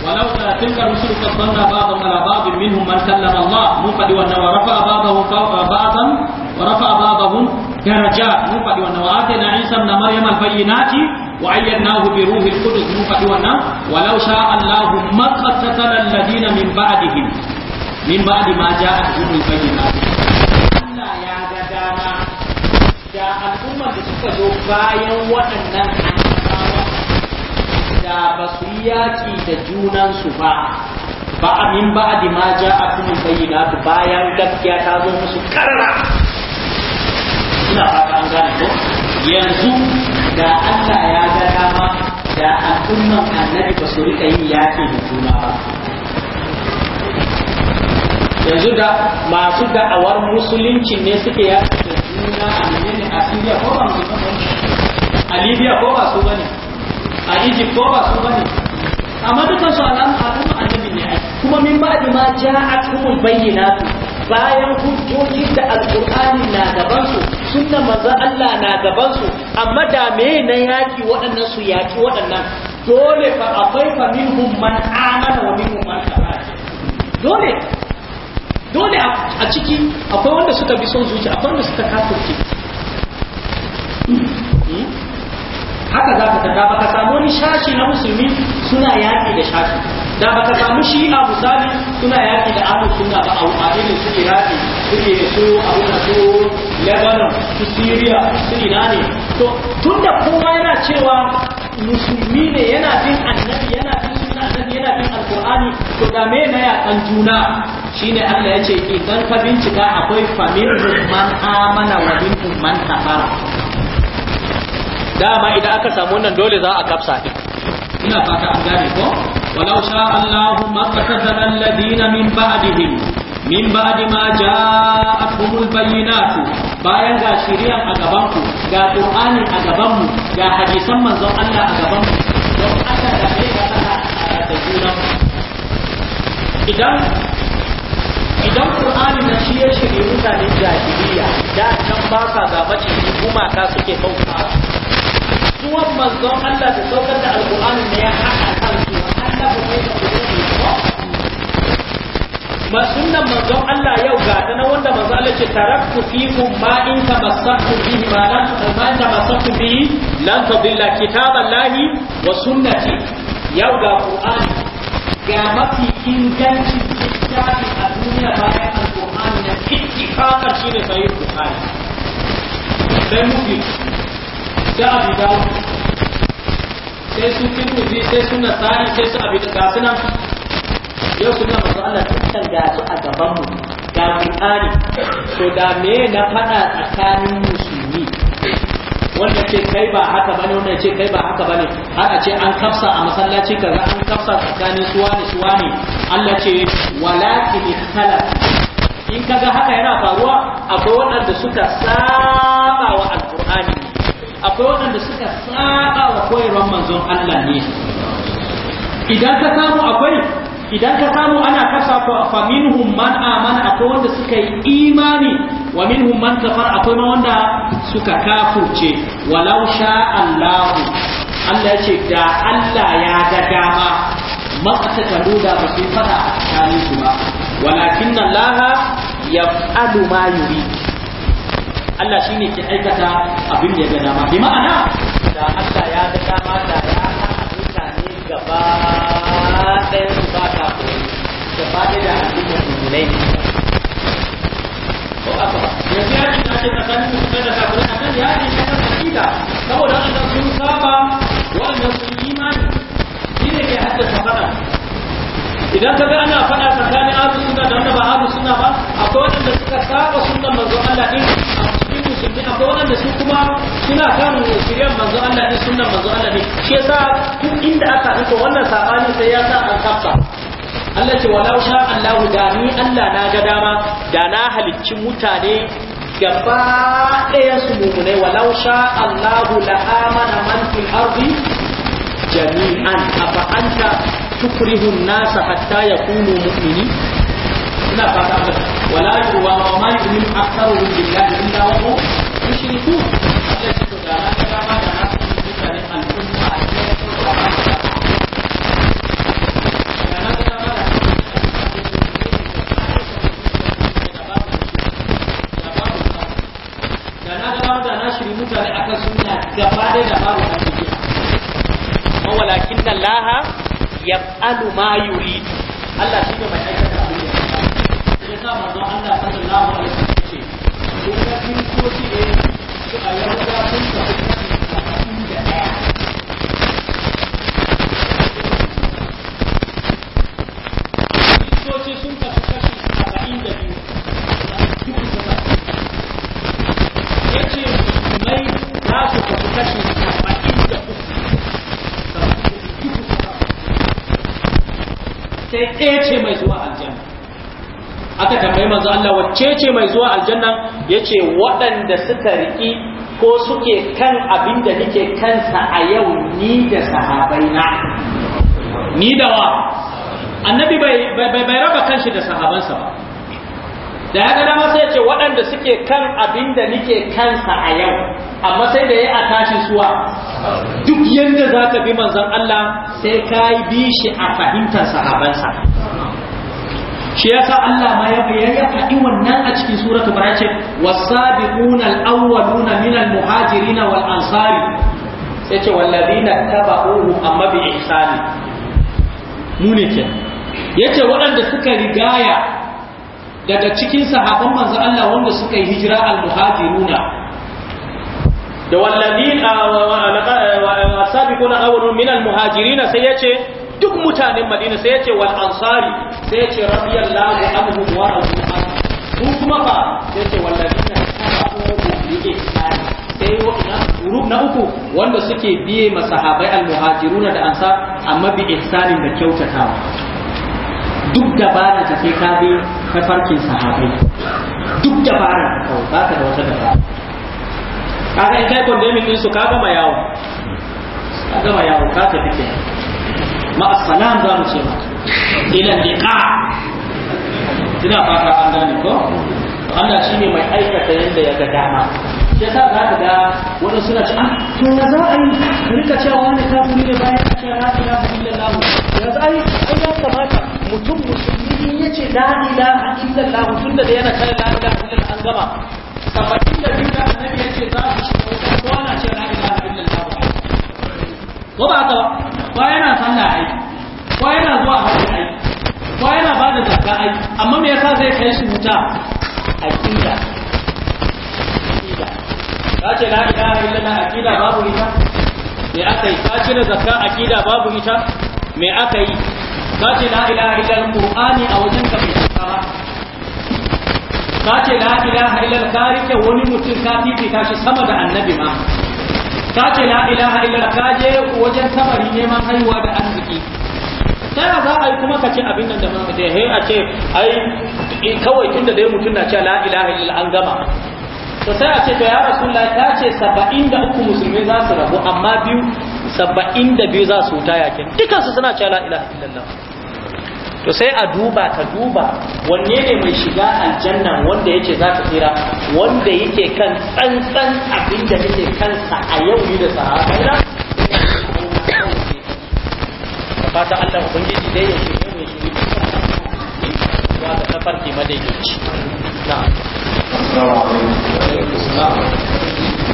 Speaker 3: ولو تلك الرسل فضلنا بعضهم على بعض منهم من كلم الله مو قد ونرفع بعضهم فوق
Speaker 1: بعضا ورفع بعضهم درجات مو فدي نعيسى واتينا ابن مريم البينات وأيدناه بروح القدس مو فدي ولو شاء الله ما قتل الذين من بعدهم من بعد ما جاءتهم البينات
Speaker 3: الله يا جدانا يا الأمة بسكة بايا وأنن
Speaker 1: da ba su yi yaƙi da junansu ba ba a min ba a ma ja a kuma bayyana bayan gaskiya ta zo musu karara ina fata an gane ko yanzu da Allah ya ga dama
Speaker 3: da al'umman annabi ba su
Speaker 1: rika yin yaƙi da juna ba yanzu da masu da'awar musulunci ne suke yaƙi da juna a menene a Syria ko ba su ne a Libya ko ba su ba ne. a Egypt ko ba su ba ne amma su al'umma annabi ne kuma min ba'di ma ja'atul bayyinatu bayan hujjoji da alkur'ani na gaban su sunna manzo Allah na gaban su amma da me na yaki waɗannan su yaki waɗannan dole fa akwai fa minhum man amana wa minhum man kafara dole dole a ciki akwai wanda suka bi son zuciya akwai wanda suka kafirce haka za ka da baka samu wani shashi na musulmi suna yaƙi da shashi da baka samu a misali suna yaƙi da ahlus sunna ba a irin su iraki suke da su a da su lebanon su syria su ina ne to da kowa yana cewa musulmi ne yana bin annabi yana bin sunna annabi yana bin alqur'ani to da me na yaƙan juna shine Allah ya ce idan ka bincika akwai famin man amana wa min man kafara dama idan aka samu wannan dole za a kafsa ina fata an gane ko walau sha Allahu maqtazana alladina min ba'dihim min ba'di ma ja'atuhumul bayyinatu bayan ga shari'a a gaban ku ga qur'ani a gaban mu ga hadisan manzon Allah a gaban mu don Allah da bai ga Allah da juna idan idan Qur'ani na shi ya shirye mutane jahiliya da can ba ka ga mace ni kuma gumaka suke bauta. zuwan manzon Allah da saukar da alƙur'ani da ya haɗa kansu ma sunnan manzon Allah yau ga ta na wanda manzo Allah ce taraktu fikum ma in tamassaktu bihi ma lam tamassaktu bihi lan tadilla kitaballahi wa sunnati yau ga qur'ani
Speaker 3: ga mafi inganci littafi a duniya bayan alqur'ani na ittifaqa shine sahih bukhari sai mu sai abu da
Speaker 1: sai sun fi kuzi sai suna tsarin sai su abu da gasu nan yau su na masu Allah sun kan gasu a gabanmu ga kuɗari to da me na faɗa tsakanin musulmi wanda ce kai ba haka bane wanda ce kai ba haka bane har ce an kafsa a masallaci kaza an kafsa tsakanin suwa ne suwa ne Allah ce walakin kala in kaga haka yana faruwa akwai waɗanda suka saba wa alƙur'ani akwai waɗanda suka saba wa koyarwar manzon Allah ne idan ka samu akwai idan ka samu ana kasa ko fa minhum man amana akwai wanda suka yi imani wa minhum man kafar akwai wanda suka kafurce walau sha Allah Allah ya ce da Allah ya ga dama matsaka duda ba su fada a tsakanin su ba walakin Allah ya ma yuri Allah shi ne ke aikata abin da ya ga dama bi ma'ana da
Speaker 3: Allah ya ga dama da ya hana ne gaba ɗaya su ba ta koyi gaba ɗaya da al'ummar mummunai ko aka ba
Speaker 1: yanzu ya ce na ce tsakanin musulmai da Na akan ya ce shi kan hakika saboda an sun saba wannan sun imani shi ne ke haddasa faɗa idan ka ga ana faɗa tsakanin abu suna da wanda ba abu suna ba akwai wanda suka saba sunan manzon Allah din musulmi akwai su kuma suna kan shirya manzo Allah ne sunnan manzo Allah ne shi yasa duk inda aka duka wannan sabani sai ya sa an kafa Allah ce walau sha Allah da ni Allah na ga dama da na halicci mutane gaba ɗaya su mumune walau sha Allah la amana man fil ardi jami'an afa anta tukrihun nasa hatta yakunu mu'minin ina fata ba wala yuwa wa ma yu'minu aktharuhum billahi illa wa hum mushrikun Allah ya ce da na ta ma da na mutane al'umma a cikin
Speaker 3: Qur'ani mutane akan suna gaba da da babu a cikin
Speaker 1: walakin da laha ya ma yuri
Speaker 3: Allah shi wacce ce mai zuwa ya
Speaker 1: yace waɗanda suka riki ko suke kan abin da nake kansa a yau ni da sahabaina ni da wa annabi bai raba kanshi da sahabansa ba da ya gada masa ya ce waɗanda suke kan abin da nike kansa a yau amma sai da ya a tashi suwa duk yadda za ka bi manzan Allah sai ka yi bi shi a fahimtar sahabansa shi yasa Allah ma ya bayyana faɗi wannan a cikin suratu bara ce wasabiquna alawwaluna minal muhajirin wal ansari sai ce walladina tabauhu amma bi ihsani mu ne ke yace waɗanda suka rigaya daga cikin sahabban manzo Allah wanda suka yi hijira al muhajiruna da walladina wasabiquna awwaluna minal muhajirin sai yace duk mutanen madina sai ya ce wal ansari sai ya ce radiyallahu anhu wa radu su kuma ba sai ya ce na tabu bi ihsan sai wannan group na uku wanda suke biye masahabai na da ansar amma bi ihsanin da kyautatawa duk da ba ta sai ka bi farkin sahabai duk da dabara ka ba ka da wata da ba kaga in kai condemning din su ka gama yawo ka gama yawo ka tafi kenan ma assalam za mu ce ila liqa ina fata an gane ko Allah shi ne mai aikata yadda ya ga dama ya sa za ka ga wani suna ce ah to ya za a yi rika cewa wani kafiri ne bayan ka ce la ilaha illallah ya za a yi ai ya kamata mutum musulmi ya ce la ilaha illallah tunda da yana kare la ilaha illallah an gama
Speaker 3: saba'in da biyu da annabi ya ce za su shiga ko na
Speaker 1: ce la ko ba haka ba yana sallah ai ko
Speaker 3: yana zuwa hajji ai
Speaker 1: ko yana ba da zakka ai amma me yasa zai kai shi wuta aqida aqida ka ce la ilaha illallah aqida babu ita me aka yi ka cire zakka aqida babu ita me aka yi ka ce la ilaha illallah qur'ani a wajen ka bai tsaka ka ce la ilaha illallah ka rike wani mutum ka fifita shi sama da annabi ma Ta ce la ilaha illallah ka je wajen kabari neman haihuwa da arziki ta za a yi kuma ka ce abin nan da ma da he a ce ai kawai tunda dai mutum na ce la ilaha illallah an gama to sai a ce to ya rasulullahi ta ce 73 musulmi za su rabu amma biyu 72 za su wuta yakin dukansu suna ce la ilaha illallah to sai a duba ka duba wanne ne mai shiga aljanna wanda yake za ka tsira wanda yake kan tsantsan abin da yake kansa a yau ni da sahara da fata Allah ubangiji dai ya shige mai shiga da ya madaidaici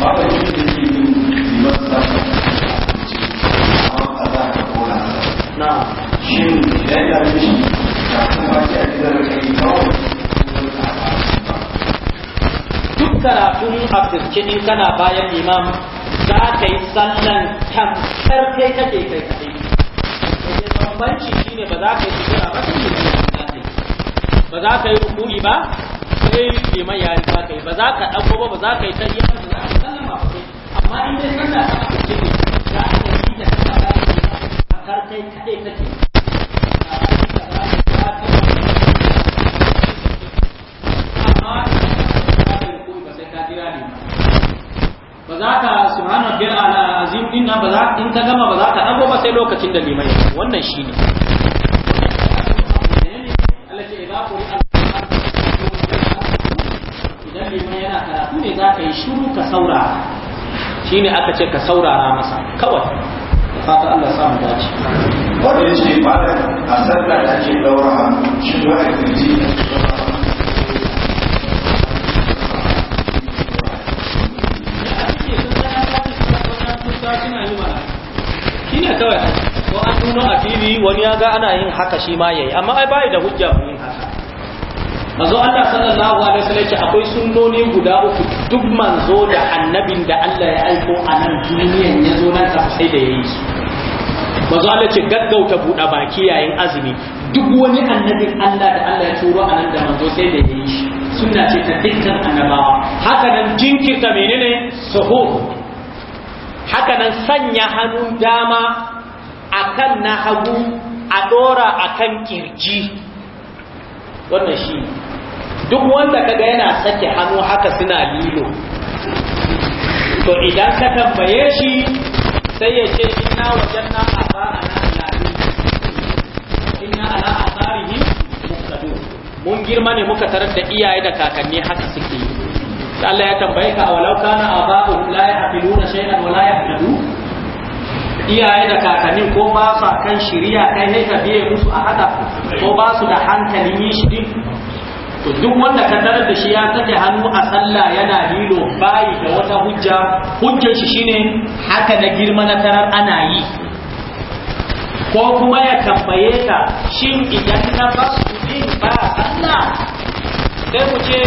Speaker 3: ma da yake na'am shin da a
Speaker 1: gidan kai duk karatun afirce kana bayan imam za ka yi sallan tamkar kai kake kai kai bambanci shine ba za ka yi shigira ba sai liman
Speaker 3: ya
Speaker 1: yi ba za ka yi rukuni ba sai liman ya yi kai ba za ka ɗago ba ba za ka yi tarihi ba za
Speaker 3: ka ba amma in dai sallah ta afirce ne za ka yi da kai kai kai
Speaker 1: za ka subhanu rabbiyal ala azim din nan ba za in ka gama ba za ka dago ba sai lokacin da limai wannan
Speaker 3: shine Allah ce idza quri idan limai yana karatu ne za ka yi shiru ka saurara shine aka ce ka saurara masa kawai
Speaker 1: fata Allah samu dace wanda shi ba a sallah take daura
Speaker 3: shi wa'azi
Speaker 1: hannu a fili wani ya ga ana yin haka shi ma yayi amma ai bai da hujja yin haka manzo Allah sallallahu alaihi wasallam ce akwai sunnoni guda uku duk manzo da annabin da Allah ya aiko a nan duniyan ya zo nan sai da yayi su manzo Allah ce gaggauta buɗa baki yayin azumi duk wani annabin Allah da Allah ya turo a nan da manzo sai da yayi shi sunna ce ta dukkan annabawa haka nan jinkirta menene suhu? haka nan sanya hannun dama akan na hagu a dora akan kirji wannan shi duk wanda kaga yana sake hannu haka suna lilo to idan ka tambaye shi sai ya ce ina
Speaker 3: wajen na a ba'ana inna ala
Speaker 1: asarihim muqtadun mun girma ne muka tarar da iyaye da kakanni haka suke yi Allah ya tambaye ka awalau kana aba'u la ya'qiluna shay'an wa la yahtadu iyaye da kakanni ko ba su kan shirya kai ne ka biye musu a hada ko ba su da hankali yi shi to duk wanda ka tarar da shi ya sake hannu a sallah yana hilo bayi da wata hujja hujjar shi shine haka na girma na tarar ana yi ko kuma ya tambaye ka shin idan na
Speaker 3: ba su din ba sallah
Speaker 1: sai ku ce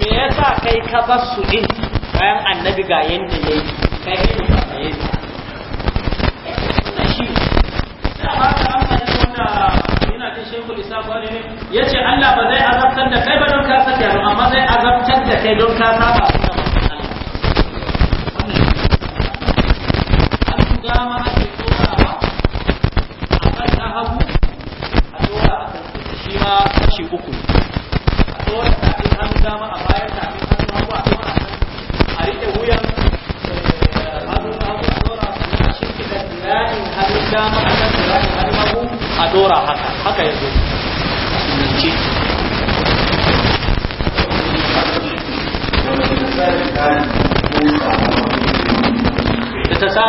Speaker 1: me yasa kai ka ba su din bayan annabi ga yanda yayi kai ne ka yana ta shekul islam
Speaker 3: ne ya ce Allah ba zai azabtar da kai ba don ka sake ba. amma zai azabtar da kai don ka saba
Speaker 1: shi uku a tsohon tafi an dama a a dora haka haka yanzu sunanci da ta sa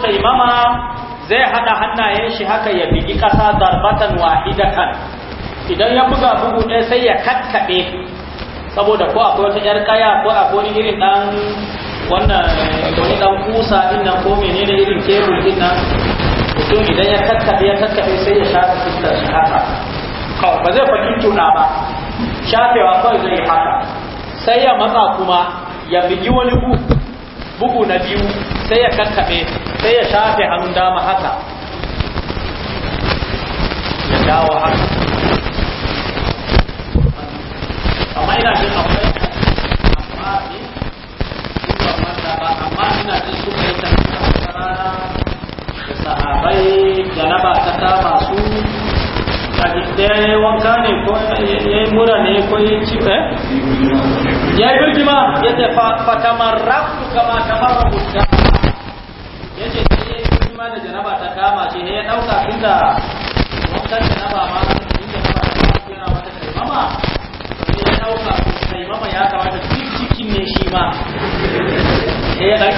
Speaker 1: zo imama zai hada hannayen shi haka ya bigi ƙasa darbatan wahidatan idan ya buga bugu ɗaya sai ya katkaɗe saboda ko akwai wata ƴar kaya ko akwai irin ɗan wannan wani dan kusa ɗin nan ko menene irin kebul din nan mutum idan ya katkaɗe ya katkaɗe sai ya shafa fuskar shi haka kawai ba zai faɗi tuna ba shafewa kawai zai haka sai ya matsa kuma ya bigi wani bugu na biyu sai ya kakkaɓe sai ya shafe hannun dama haka ya dawo haka
Speaker 3: amma ina jin akwai amma ne suka manta ba amma
Speaker 1: ina jin suka yi tattara da sahabai galaba ta kama su ɗaya wanka ne ko ya yi mura ne ko ya ci ɗaya eh? ya yi birgima ya ce fatamarra su kama tamarra mutane ma da janaba ta kama shi ya dauka tunda wankan janaba ma in janaba ta kama yana mata ya dauka taimama ya kamata duk cikin ne shi ma ma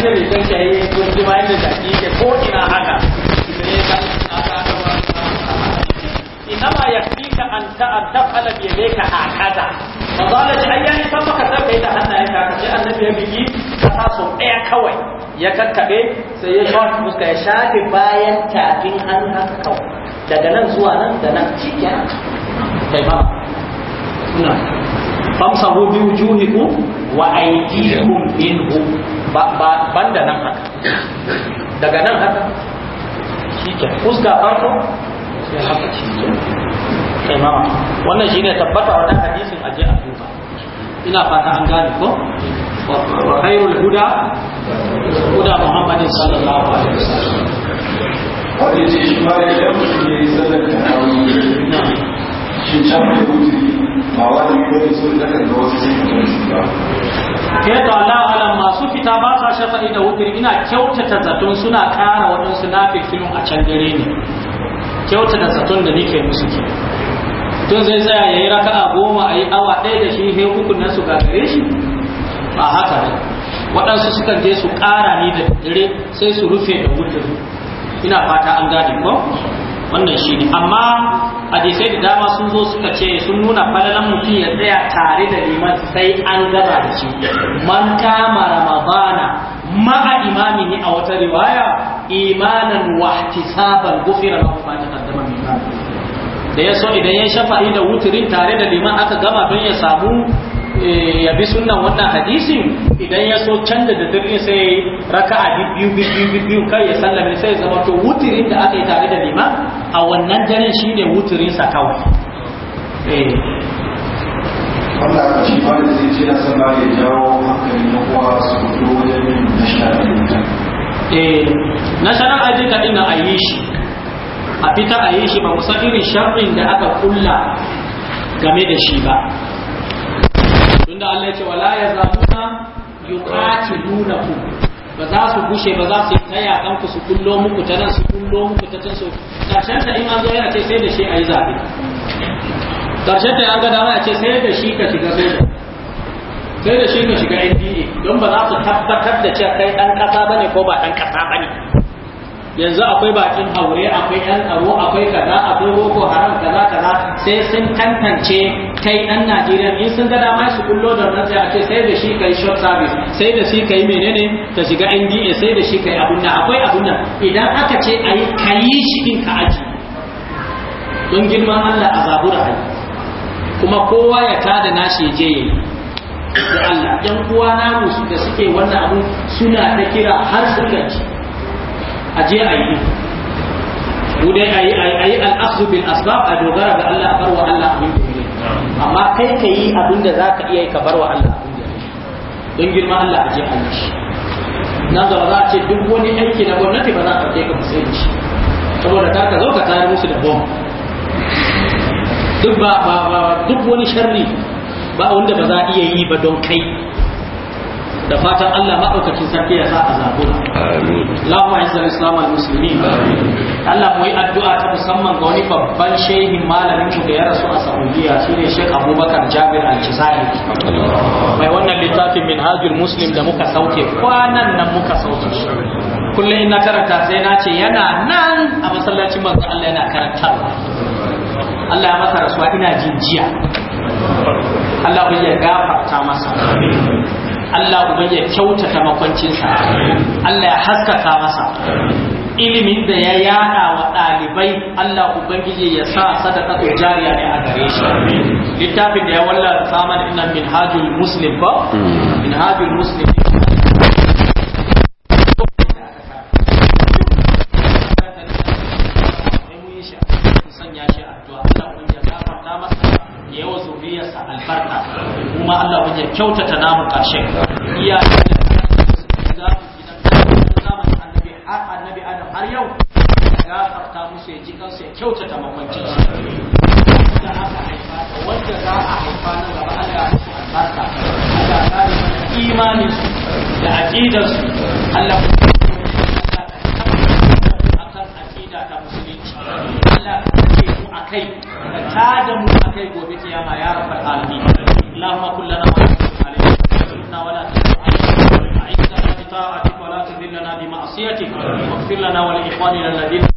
Speaker 1: ke ko ina haka ne ma
Speaker 3: an ta bi
Speaker 1: akada fa maka da hannayen ka annabi ya ka daya kawai ya kakkaɓe sai ya shafi fuska ya shafi bayan tafin hannun kawo daga nan zuwa nan da nan cikin shi ba na famsa famsahu bi ku wa aiki in hu ban da nan haka daga nan haka shi ke fuska farko sai haka shi kai mama wannan shi ne tabbata wannan hadisin aje a duba ina fata an gane ko وخير الهدى
Speaker 3: هدى محمد صلى الله عليه وسلم ke to Allah
Speaker 1: alam masu fita ba sa shafa'i da ina kyautata zaton suna kara waɗansu na a can dare ne kyautata zaton da nake musu ki, tun zai tsaya ya yi raka'a goma a yi awa ɗaya da shi he hukun nasu gagare shi a haka ne waɗansu sukan je su ƙara ni da dare sai su rufe da wudin ina fata an gane ko wannan shi ne amma hadisai da dama sun zo suka ce sun nuna falalan mutum ya tsaya tare da liman sai an gaba da shi man kama ramadana ma'a imami ne a wata riwaya imanan wahtisaban gufira lahu ma mai min da ya so idan ya shafa'i da wutirin tare da liman aka gama don ya samu Eh, yabi sunan wannan hadisin idan ya so canza da dare sai raka'a biyu biyu biyu kai ya sallame sai ya zama to wutirin da aka yi tare da liman a wannan daren shine wutirin sa kawai eh
Speaker 3: wannan shi ba da zai ce na sallah ya jawo hankali na
Speaker 1: kuwa su fito wajen yin nashaɗin eh nashaɗin ajika ɗin a yi shi a fita a yi shi ba musan irin sharrin da aka kulla game da shi ba tunda Allah ya ce wala yazamuna ku. ba za su gushe ba za su yi kan ku su kullo muku ta nan su kullo muku ta can so karshen ta in an zo yana ce sai da shi a yi zaɓe
Speaker 3: karshen ta an ga dama ya ce sai da shi ka shiga sai da
Speaker 1: sai da shi ka shiga NDA don ba za su tabbatar da cewa kai ɗan ƙasa ba ne ko ba ɗan ƙasa ba ne yanzu akwai bakin haure akwai yan tsaro akwai kaza akwai boko haram kaza kaza sai sun tantance kai dan Najeriya in sun ga dama su kullo da nan sai a sai da shi kai short service sai da shi kai menene ka shiga NDA sai da shi kai abun akwai abunda idan aka ce ayi kai shi in ka aji don girman Allah a zabura hai kuma kowa ya tada nashi je yi da Allah ɗan uwa namu da suke wannan abun suna ta kira har suka ci aje a yi ku dai a yi a yi al'asu bil asbab a dogara ga Allah a barwa Allah abin da ne amma kai ka yi abin da za ka iya yi ka barwa Allah abin da ne don girma Allah a je a yi shi na zama za a ce duk wani aiki na gwamnati ba za ka je ka musayi shi saboda ta ka zo ka tare musu da bom duk ba duk wani sharri ba wanda ba za a iya yi ba don kai da fatan Allah maɗaukakin sarki ya sa a zaɓo. Allahumma ya zara Islam al-Musulmi. Allah mu yi addu'a ta musamman ga wani babban shehin malamin mu da ya rasu a Saudiya shi ne Sheikh Abubakar Jabir Al-Jizani. Mai wannan littafin Minhajul Muslim da muka sauke kwanan nan muka sauke shi. Kullum ina karanta sai na ce yana nan a masallacin manzo Allah yana karantarwa. Allah ya masa rasuwa ina jin jiya. Allah ya gafarta masa. Amin. Allah uban ya kyautata makwancinsa Allah ya haskaka masa ilimin da ya yada wa ɗalibai Allah ubangiji ya sa sadaka to jariya ne a gare shi littafin da ya wallafa saman inna minhajul muslim ba minhajul muslim albarka mu ma Allah ya kyautata namu karshen iya annabi Adam har yau
Speaker 3: ya farta musu ya ji kansu ya kyautata mamancin su da aka haifa da wanda za a haifa na gaba Allah ya musu albarka da ya kare imanin su
Speaker 1: da aqidar su Allah akan aqida ta musulunci Allah ya ce mu akai da ta da mu akai gobe kiyama ya rabbal alamin اللهم كن لنا علينا ولا تجعلنا بطاعتك ولا تذلنا بمعصيتك واغفر لنا ولاخواننا الذين